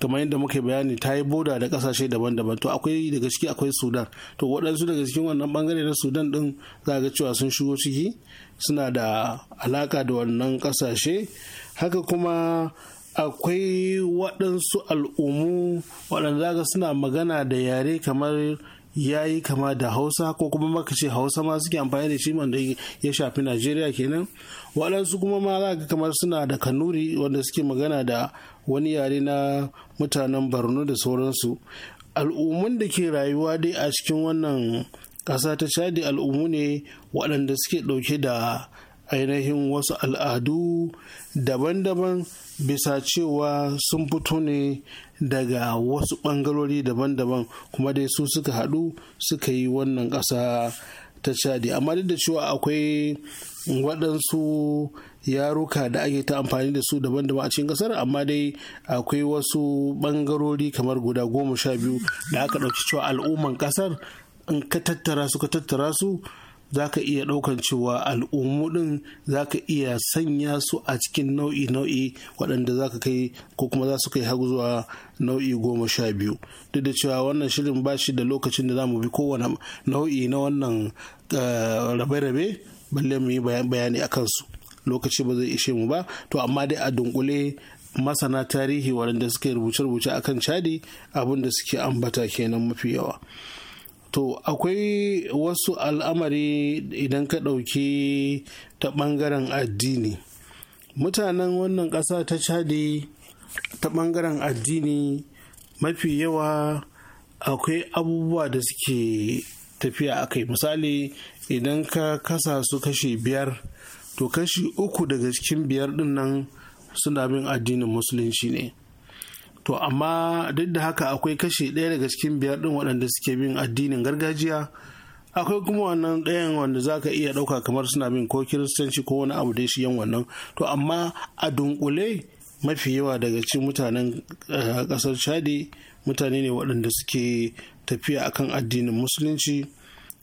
kamar yadda muka bayani ta yi boda da kasashe daban-daban to akwai daga ciki akwai sudan to waɗansu daga cikin wannan bangare na sudan din za ga cewa sun shigo ciki suna da alaka da wannan kasashe haka kuma akwai waɗansu al'ummu waɗanda ga suna magana da yare kamar ya yi kama da hausa ko kuma maka ce hausa ma suke amfani da shi wanda ya shafi najeriya kenan waɗansu kuma ma za kamar suna da kanuri wanda suke magana da wani yare na mutanen borno da sauransu al'umman da ke rayuwa dai a cikin wannan ƙasa ta cadi al'ummu ne waɗanda suke ɗauke da ainihin wasu al'adu daban-daban bisa cewa sun fito ne daga wasu ɓangarori daban-daban kuma dai su suka haɗu suka yi wannan ƙasa ta chadi amma duk da cewa akwai waɗansu yaruka da ake ta amfani da su daban-daban a cikin kasar amma dai akwai wasu ɓangarori kamar guda goma sha biyu da aka ɗauki cewa al'umman kasar in ka tattara su ka tattara su za ka iya ɗaukan cewa al'ummu ɗin za ka iya sanya su a cikin nau'i-nau'i waɗanda za ka kai ko kuma za su kai har zuwa nau'i goma sha biyu duk da cewa wannan shirin ba shi da lokacin da za mu bi kowane nau'i na wannan eh, rabe-rabe balle mu yi bayani a kansu lokaci ba zai ishe mu ba to amma dai a dunkule masana tarihi waɗanda suke rubuce-rubuce akan cadi abin da suke ambata kenan mafi yawa. to akwai wasu al'amari idan ka ɗauki ta ɓangaren addini mutanen wannan ƙasa ta chadi ta ɓangaren addini mafi yawa akwai abubuwa da suke tafiya a kai misali idan ka kasa su kashi biyar to kashi uku daga cikin biyar ɗin nan suna bin addinin musulunci ne to amma duk da haka akwai kashi ɗaya daga cikin biyar ɗin waɗanda suke bin addinin gargajiya akwai kuma wannan ɗayan wanda za ka iya ɗauka kamar suna bin ko kiristanci ko wani abu da shi yan wannan to amma a dunkule mafi yawa daga cikin mutanen eh, ƙasar chadi mutane ne waɗanda suke tafiya akan addinin musulunci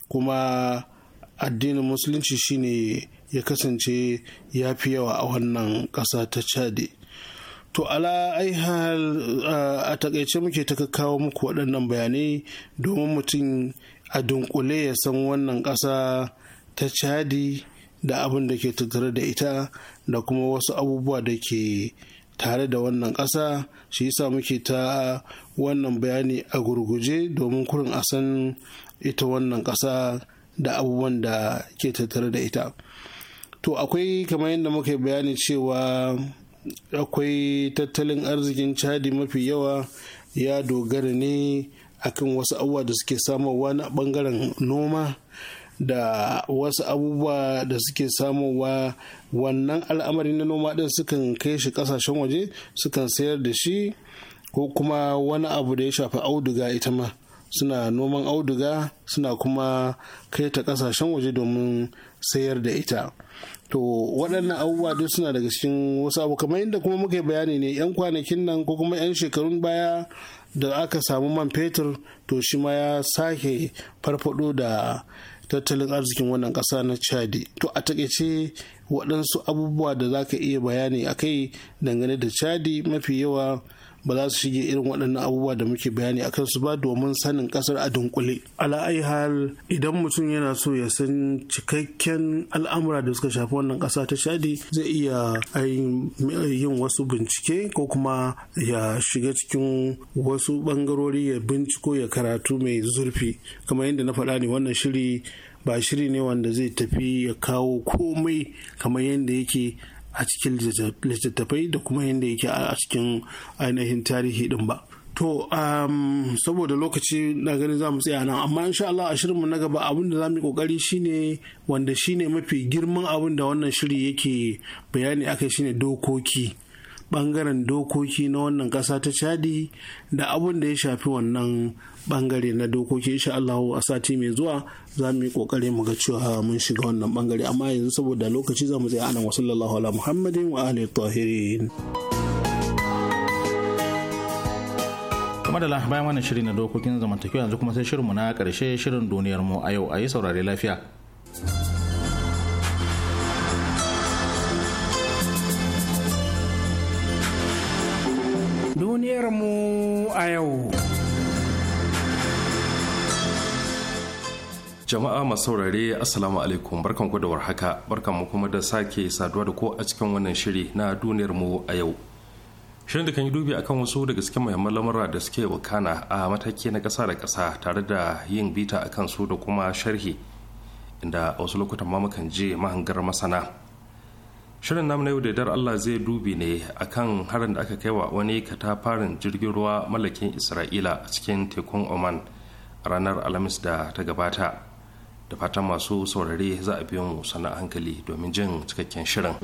kuma addinin musulunci shine ya kasance ya fi yawa a wannan ƙasa ta chadi To ala aihal a takaice muke ta kawo muku waɗannan bayanai domin mutum a dunkule ya san wannan ƙasa ta cadi da abin da ke tattare da ita da kuma wasu abubuwa da ke tare da wannan ƙasa shi yasa muke ta wannan bayani a gurguje domin kurin a san ita wannan ƙasa da abubuwan da ke tattare da ita to akwai kamar yadda muka bayani cewa akwai tattalin arzikin chadi mafi yawa ya dogara ne akan wasu abubuwa da suke samarwa na bangaren noma da wasu abubuwa da suke samowa wannan al'amari na noma din sukan kai shi kasashen waje sukan sayar da shi ko kuma wani abu da ya shafi auduga ita ma suna noman auduga suna kuma kai ta kasashen waje domin sayar da ita to waɗannan abubuwa duk suna daga cikin wasu abu kamar inda kuma muka bayani ne 'yan kwanakin nan ko kuma 'yan shekarun baya da aka samu man fetur to shi ma ya sake farfado da tattalin arzikin wannan ƙasa na chadi to a takaice waɗansu abubuwa da za ka iya bayani a kai dangane da chadi mafi yawa ba za su shige irin waɗannan abubuwa da muke bayani a kansu ba domin sanin ƙasar a dunkule. ala'ai hal idan mutum yana so ya san cikakken al'amura da suka shafi wannan ƙasa ta shadi zai iya yin wasu bincike ko kuma ya shiga cikin wasu ɓangarori ya binciko ya karatu mai zurfi kamar yadda na faɗa ne wannan shiri ba shiri ne wanda zai tafi ya kawo komai kamar yadda yake a cikin littattafai da kuma yadda yake a cikin ainihin tarihi din ba To, um, saboda lokaci na ganin za mu tsaya nan, amma insha Allah a shirinmu na gaba abin da za mu yi kokari shine wanda shine mafi girman abin da wannan shiri yake bayani akai shine dokoki. Bangaren dokoki na wannan ƙasa ta Chadi da abin da ya shafi wannan bangare na dokoki insha Allah a sati mai zuwa za mu yi kokari mu ga cewa mun shiga wannan bangare amma yanzu saboda lokaci za mu tsaya anan wa sallallahu ala muhammadin wa ali tahirin madala bayan wannan shiri na dokokin zamantakewa yanzu kuma sai mu na karshe shirin duniyar mu a yau ayi yi saurare lafiya duniyar mu a yau jama'a masu saurare assalamu alaikum barkan ku da warhaka barkan mu kuma da sake saduwa da ko a cikin wannan shiri na duniyar mu a yau shirin da kan yi dubi akan wasu daga cikin muhimman lamura da suke wakana a mataki na kasa da kasa tare da yin bita akan su da kuma sharhi inda a wasu lokutan ma mukan je mahangar masana shirin namu na yau da dar Allah zai dubi ne akan harin da aka kai wa wani katafarin jirgin ruwa mallakin Isra'ila a cikin tekun Oman ranar Alhamis da ta gabata. da fatan masu saurari za a biyo mu sana hankali domin jin cikakken shirin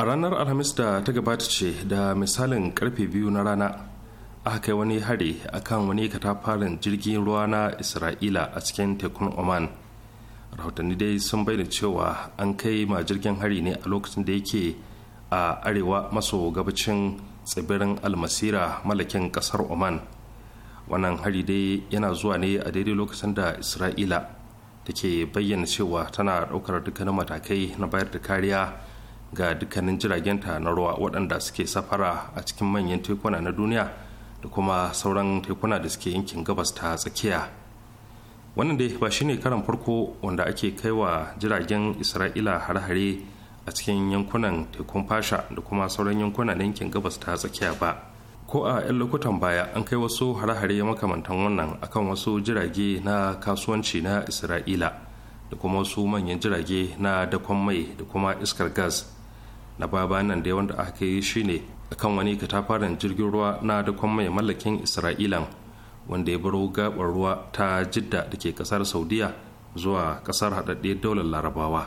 a ranar alhamis da ta gabata ce da misalin karfe biyu na rana aka kai wani hari akan wani katafaren jirgin ruwa na isra'ila a cikin tekun oman rahotanni dai sun bayyana cewa an kai ma jirgin hari ne a lokacin da yake a arewa maso gabacin tsibirin almasira malakin kasar oman wannan hari dai yana zuwa ne a daidai lokacin da isra'ila da ke bayyana cewa tana ɗaukar dukkanin matakai na bayar da kariya ga dukkanin jiragenta na ruwa waɗanda suke safara a cikin manyan tekuna na duniya da kuma sauran tekuna da suke yankin gabas ta tsakiya wannan dai ba shi ne karan farko wanda ake kai wa jiragen isra'ila har hare a cikin yankunan tekun fasha da kuma sauran yankunan yankin gabas ta tsakiya ba ko a 'yan lokutan baya an kai wasu har hare makamantan wannan akan wasu jirage na kasuwanci na isra'ila da kuma wasu manyan jirage na dakon mai da kuma iskar gas na Baba nan dai wanda aka yi shine akan wani katafaren jirgin ruwa na dakon mai mallakin isra'ilan wanda ya baro gabar ruwa ta jidda da ke kasar saudiya zuwa kasar haɗaɗɗiyar daular larabawa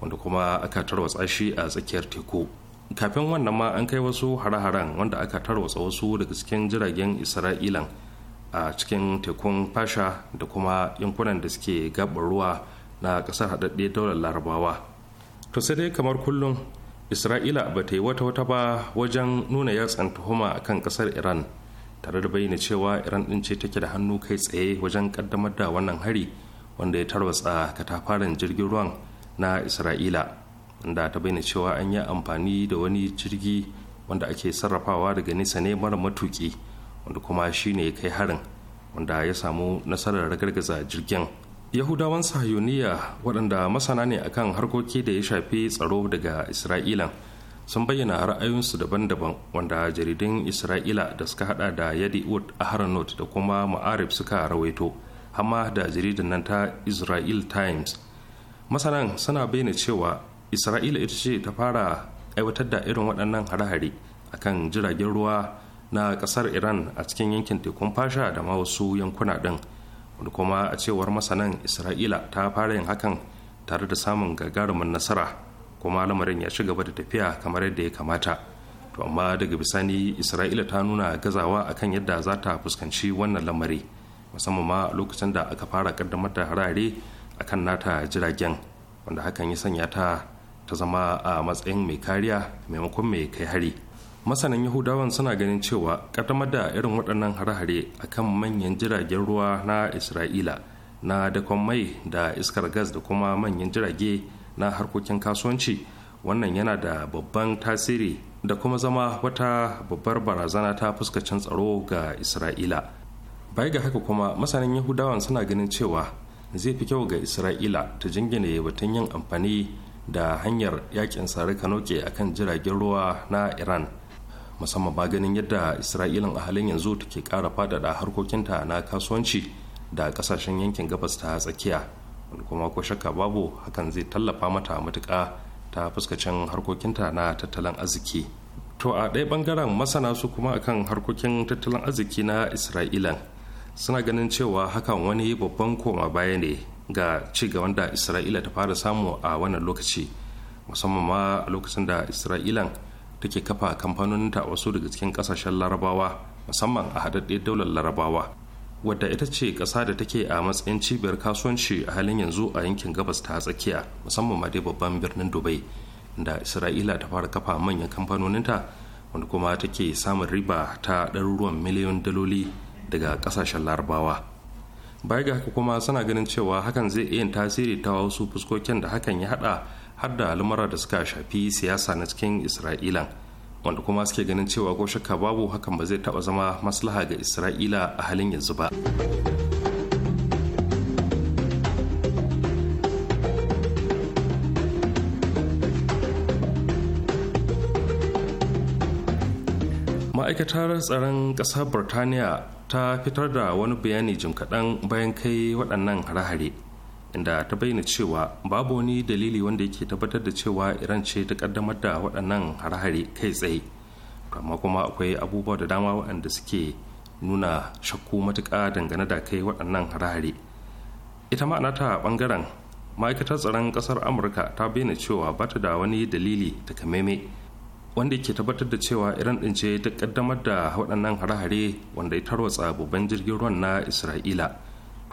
wanda kuma aka tarwatsa shi a tsakiyar teku kafin wannan ma an kai wasu hare-haren wanda aka tarwatsa wasu daga cikin jiragen isra'ilan a cikin tekun fasha da kuma yankunan da suke gabar ruwa na kasar haɗaɗɗe daular larabawa to sai dai kamar kullum isra'ila ba ta yi wata wata ba wajen nuna yatsan tuhuma a kan kasar iran tare da bayyana cewa iran ɗin ce take da hannu kai tsaye wajen kaddamar da wannan hari wanda ya tarwatsa katafaren jirgin ruwan na isra'ila inda ta bayyana cewa an yi amfani da wani jirgi wanda ake sarrafawa daga nisa ne mara matuki wanda kuma shi ne kai harin wanda ya samu nasarar ragargaza jirgin yahudawan sahiyoniya waɗanda masana ne akan harkoki da ya shafi tsaro daga isra'ilan sun bayyana ra'ayoyinsu daban-daban wanda jaridun isra'ila da suka hada da yadi wood a aharonot da kuma ma'arif suka rawaito hamma da jaridun nan ta israel times masanan suna bayyana cewa isra'ila ita ce ta fara aiwatar da irin waɗannan hare-hare kan jiragen ruwa na ƙasar iran a cikin yankin tekun fasha da ma wasu yankuna ɗin wanda kuma a cewar masanan isra'ila ta fara yin hakan tare da samun gagarumin nasara kuma lamarin ya ci gaba da tafiya kamar yadda ya kamata to amma daga bisani isra'ila ta nuna gazawa akan yadda za ta fuskanci wannan lamari musamman ma lokacin da aka fara kaddamar da harare akan nata jiragen wanda hakan ya sanya ta ta zama a matsayin mai kariya maimakon mai kai hari masanan yahudawan suna ganin cewa kaddamar da irin waɗannan harare hare akan manyan jiragen ruwa na isra'ila na dakon mai da iskar gas da kuma manyan jirage na harkokin kasuwanci wannan yana da babban tasiri da kuma zama wata babbar barazana ta fuskacin tsaro ga isra'ila bai ga haka kuma masanin yahudawan suna ganin cewa zai fi kyau ga isra'ila ta jingina batun yin amfani da hanyar yakin sare kanoke kan jiragen ruwa na iran musamman ba ganin yadda isra'ilan a halin yanzu take kara fadada harkokinta na kasuwanci da kasashen yankin gabas ta tsakiya kuma ko shakka babu hakan zai tallafa mata matuka ta fuskacin harkokinta na tattalin arziki to a ɗaya ɓangaren masana su kuma akan harkokin tattalin arziki na isra'ilan suna ganin cewa hakan wani babban koma baya ne ga ci gaban da isra'ila ta fara samu a wannan lokaci musamman ma a lokacin da isra'ilan take kafa kamfanoninta a wasu daga cikin ƙasashen larabawa musamman a haɗaɗɗe daular larabawa wadda ita ce ƙasa da take a matsayin cibiyar kasuwanci a halin yanzu a yankin gabas ta tsakiya musamman ma dai babban birnin dubai da isra'ila ta fara kafa manyan kamfanoninta wanda kuma take samun riba ta ɗaruruwan miliyon daloli daga ƙasashen larabawa baya ga haka kuma suna ganin cewa hakan zai iya tasiri ta wasu fuskokin da hakan ya haɗa har da al'amura da suka shafi siyasa na cikin isra'ilan wanda kuma suke ganin cewa ko shakka babu hakan ba zai taba zama maslaha ga isra'ila a halin yanzu ba ma'aikatar tsaron ƙasar burtaniya ta fitar da wani bayani jim kaɗan bayan kai waɗannan hare-hare inda ta bayyana cewa babu wani dalili wanda yake tabbatar da cewa iran ce ta kaddamar da waɗannan hare-hare kai tsaye amma kuma akwai abubuwa da dama waɗanda suke nuna shakku matuƙa dangane da kai waɗannan hare-hare ita ma'ana ta ɓangaren ma'aikatar tsaron ƙasar amurka ta bayyana cewa ba ta da wani dalili takamaime wanda ke tabbatar da cewa iran ɗin ce ta kaddamar da waɗannan hare-hare wanda ya tarwatsa babban jirgin ruwan na isra'ila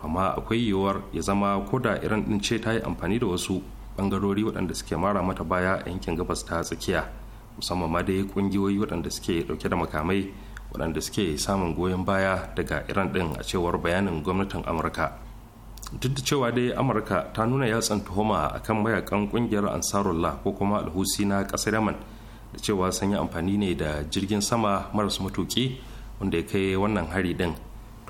amma akwai yiwuwar ya zama ko da iran din ce ta yi amfani da wasu bangarori waɗanda suke mara mata baya a yankin gabas ta tsakiya musamman ma dai kungiyoyi waɗanda suke ɗauke da makamai waɗanda suke samun goyon baya daga iran din a cewar bayanin gwamnatin amurka duk da cewa dai amurka ta nuna yatsan tuhuma a kan mayakan ƙungiyar ansarullah ko kuma alhusi na ƙasar yaman da cewa sun yi amfani ne da jirgin sama maras matuki wanda ya kai wannan hari din.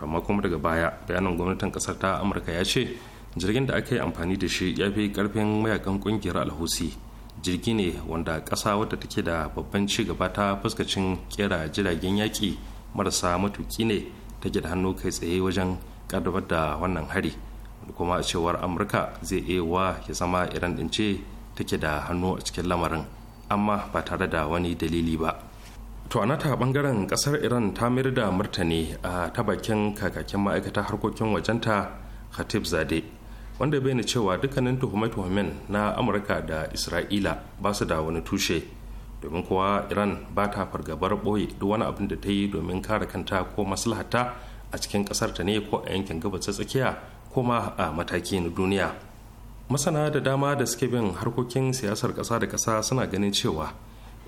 amma kuma daga baya bayanin gwamnatin kasar ta amurka ya ce jirgin da aka yi amfani da shi ya fi karfin mayakan kungiyar alhusi jirgi ne wanda ƙasa wadda take da babban ci gaba ta fuskacin kera jiragen yaƙi marasa matuki ne take da hannu kai tsaye wajen ƙaddamar da wannan hari kuma cewar amurka zai iya wa ya zama iran ɗince take da hannu a cikin lamarin amma ba tare da wani dalili ba to a nata bangaren kasar iran ta mayar da martani a ta bakin kakakin ma'aikata harkokin wajenta khatib zade wanda bayyana cewa dukkanin tuhume-tuhumen na amurka da isra'ila ba su da wani tushe domin kuwa iran ba ta fargabar boye duk wani abin da ta yi domin kare kanta ko maslahata a cikin kasar ta ne ko a yankin gabas ta tsakiya ko ma a mataki na duniya masana da dama da suke bin harkokin siyasar kasa da kasa suna ganin cewa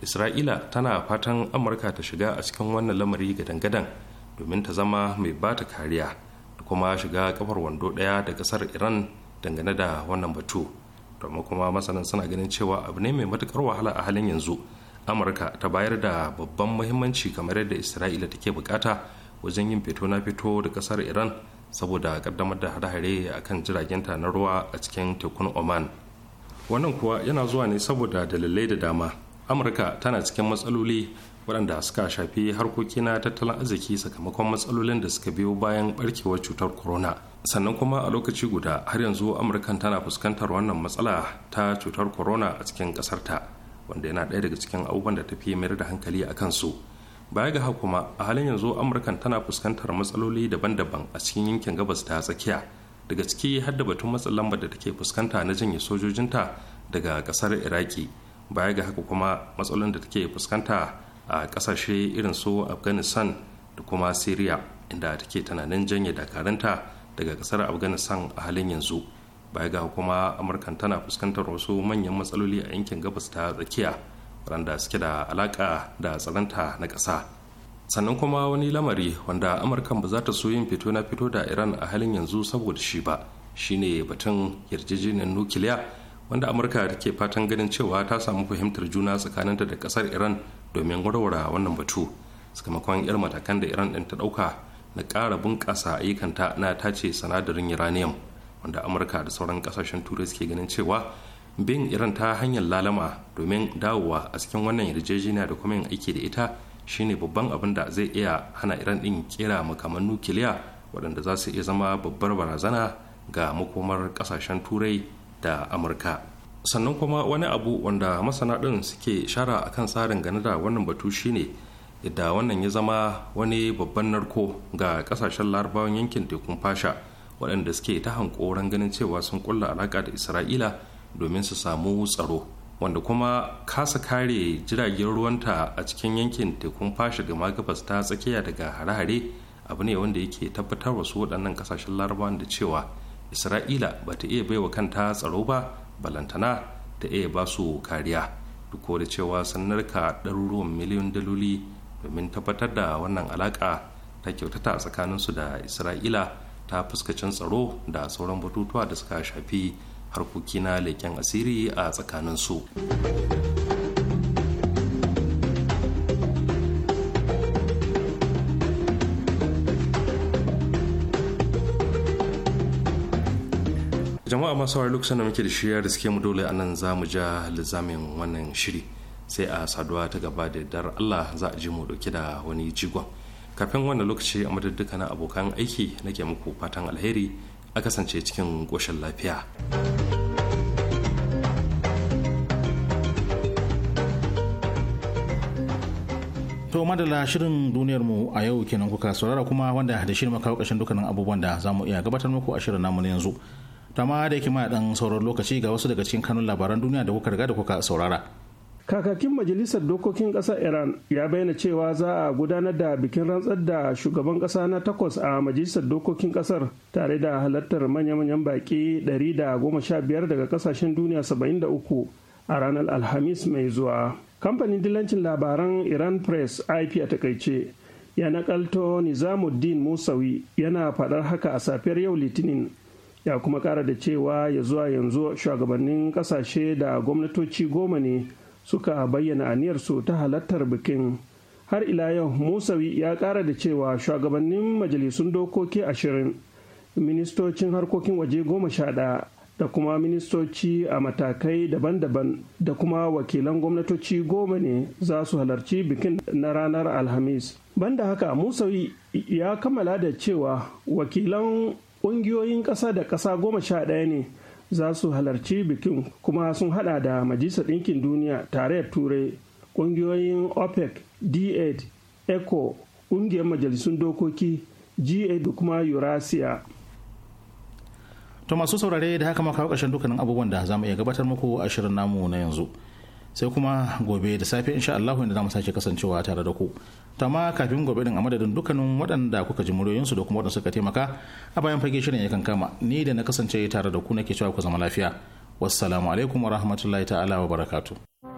isra'ila tana fatan amurka ta shiga a cikin wannan lamari gadan-gadan domin ta zama mai ba ta kariya da kuma shiga kafar wando daya da kasar iran dangane da wannan batu domin kuma masanan suna ganin cewa abu ne mai matukar wahala a halin yanzu amurka ta bayar da babban muhimmanci kamar yadda isra'ila take bukata wajen yin fito na fito da kasar iran saboda kaddamar da hare-hare a kan jiragenta na ruwa a cikin tekun oman wannan kuwa yana zuwa ne saboda dalilai da dama amurka tana cikin matsaloli waɗanda suka shafi harkoki na tattalin arziki sakamakon matsalolin da suka biyo bayan barkewar cutar corona sannan kuma a lokaci guda har yanzu amurka tana fuskantar wannan matsala ta cutar corona a cikin ƙasarta wanda yana ɗaya daga cikin abubuwan da ta mayar da hankali a kansu baya ga haka kuma a halin yanzu amurka tana fuskantar matsaloli daban-daban a cikin yankin gabas ta tsakiya daga ciki har da batun matsin lambar da take fuskanta na janye sojojinta daga ƙasar iraki baya ga haka kuma matsalolin da take fuskanta a kasashe irin su afghanistan da kuma syria inda take tunanin janye dakaranta daga kasar afghanistan a halin yanzu baya ga kuma amurkan tana fuskantar wasu manyan matsaloli a yankin gabas ta tsakiya waɗanda suke da alaƙa da tsaranta na ƙasa sannan kuma wani lamari wanda amurka ba za ta so yin fito na fito da iran a halin yanzu saboda shi ba shine batun yarjejeniyar nukiliya wanda amurka ke fatan ganin cewa ta samu fahimtar juna tsakaninta da kasar iran domin warware wannan batu sakamakon yar matakan da iran ɗin ta ɗauka na kara bunƙasa ayyukanta na tace sanadarin uranium wanda amurka da sauran ƙasashen turai suke ganin cewa bin iran ta hanyar lalama domin dawowa a cikin wannan yarjejeniya da kuma yin aiki da ita shine babban abin da zai iya hana iran ɗin kera makaman nukiliya waɗanda za su iya zama babbar barazana ga makomar ƙasashen turai da amurka sannan kuma wani abu wanda masana ɗin suke shara a kan tsarin gane da wannan batu shine da wannan ya zama wani babban narko ga kasashen larabawan yankin tekun fasha waɗanda suke ta hankoran ganin cewa sun kulla alaƙa da isra'ila domin su samu tsaro wanda kuma kasa kare jiragen ruwanta a cikin yankin tekun fasha gama gabas ta tsakiya daga hare-hare abu ne wanda yake tabbatar su waɗannan kasashen larabawan da cewa isra'ila ba ta iya baiwa kanta tsaro ba balantana ta iya ba su kariya duk da cewa sun narka ɗaruruwan miliyon daloli domin tabbatar da wannan alaƙa ta kyautata tsakaninsu da isra'ila ta fuskacin tsaro da sauran batutuwa da suka shafi harkoki na leƙen asiri a tsakaninsu. masu wari lokacin da muke da shirya da suke mu dole a nan za mu ja lizamin wannan shiri sai a saduwa ta gaba da dar allah za a ji mu dauke da wani jigon kafin wannan lokaci a madadduka na abokan aiki nake muku fatan alheri a kasance cikin goshen lafiya. To madalla shirin duniyarmu a yau kenan kuka saurara kuma wanda da shirin makawakashin kashin dukkanin abubuwan da za mu iya gabatar muku a shirin namu na yanzu. Tama da yake ma dan sauran lokaci ga wasu daga cikin kanun labaran duniya da kuka riga da kuka saurara. Kakakin Majalisar Dokokin Ƙasar Iran ya bayyana cewa za a gudanar da bikin rantsar da shugaban ƙasa na takwas a Majalisar Dokokin Ƙasar tare da halartar manya-manyan baƙi 115 daga ƙasashen duniya 73 a ranar Alhamis mai zuwa. Kamfanin dilancin labaran Iran Press IP a takaice ya nakalto Nizamuddin Musawi yana faɗar haka a safiyar yau Litinin. ya kuma kara da cewa ya zuwa yanzu shugabannin kasashe da gwamnatoci goma ne suka bayyana aniyarsu ta halartar bikin har ila yau musawi ya kara da cewa shugabannin majalisun dokoki ashirin ministocin harkokin waje goma sha ɗaya da kuma ministoci a matakai daban-daban da kuma wakilan gwamnatoci goma ne za su halarci bikin na ranar alhamis banda haka musawi ya kammala da cewa wakilan ƙungiyoyin ƙasa da ƙasa goma sha ɗaya ne za su halarci bikin kuma sun hada da majalisar ɗinkin duniya tare da turai ƙungiyoyin opec d8 eco ƙungiyar majalisun dokoki g8 da kuma eurasia to masu saurare da haka maka ƙarshen dukkanin abubuwan da za mu iya gabatar muku a shirin namu na yanzu sai kuma gobe da safe insha Allah inda mu sake kasancewa tare da ku tama kafin gobe din a madadin dukkanin waɗanda kuka ji muryoyinsu da kuma waɗanda suka taimaka a bayan fage shirin yakan kama ni da na kasance tare da ku nake cewa ku zama lafiya wassalamu alaikum wa rahmatullahi ta'ala wa barakatu.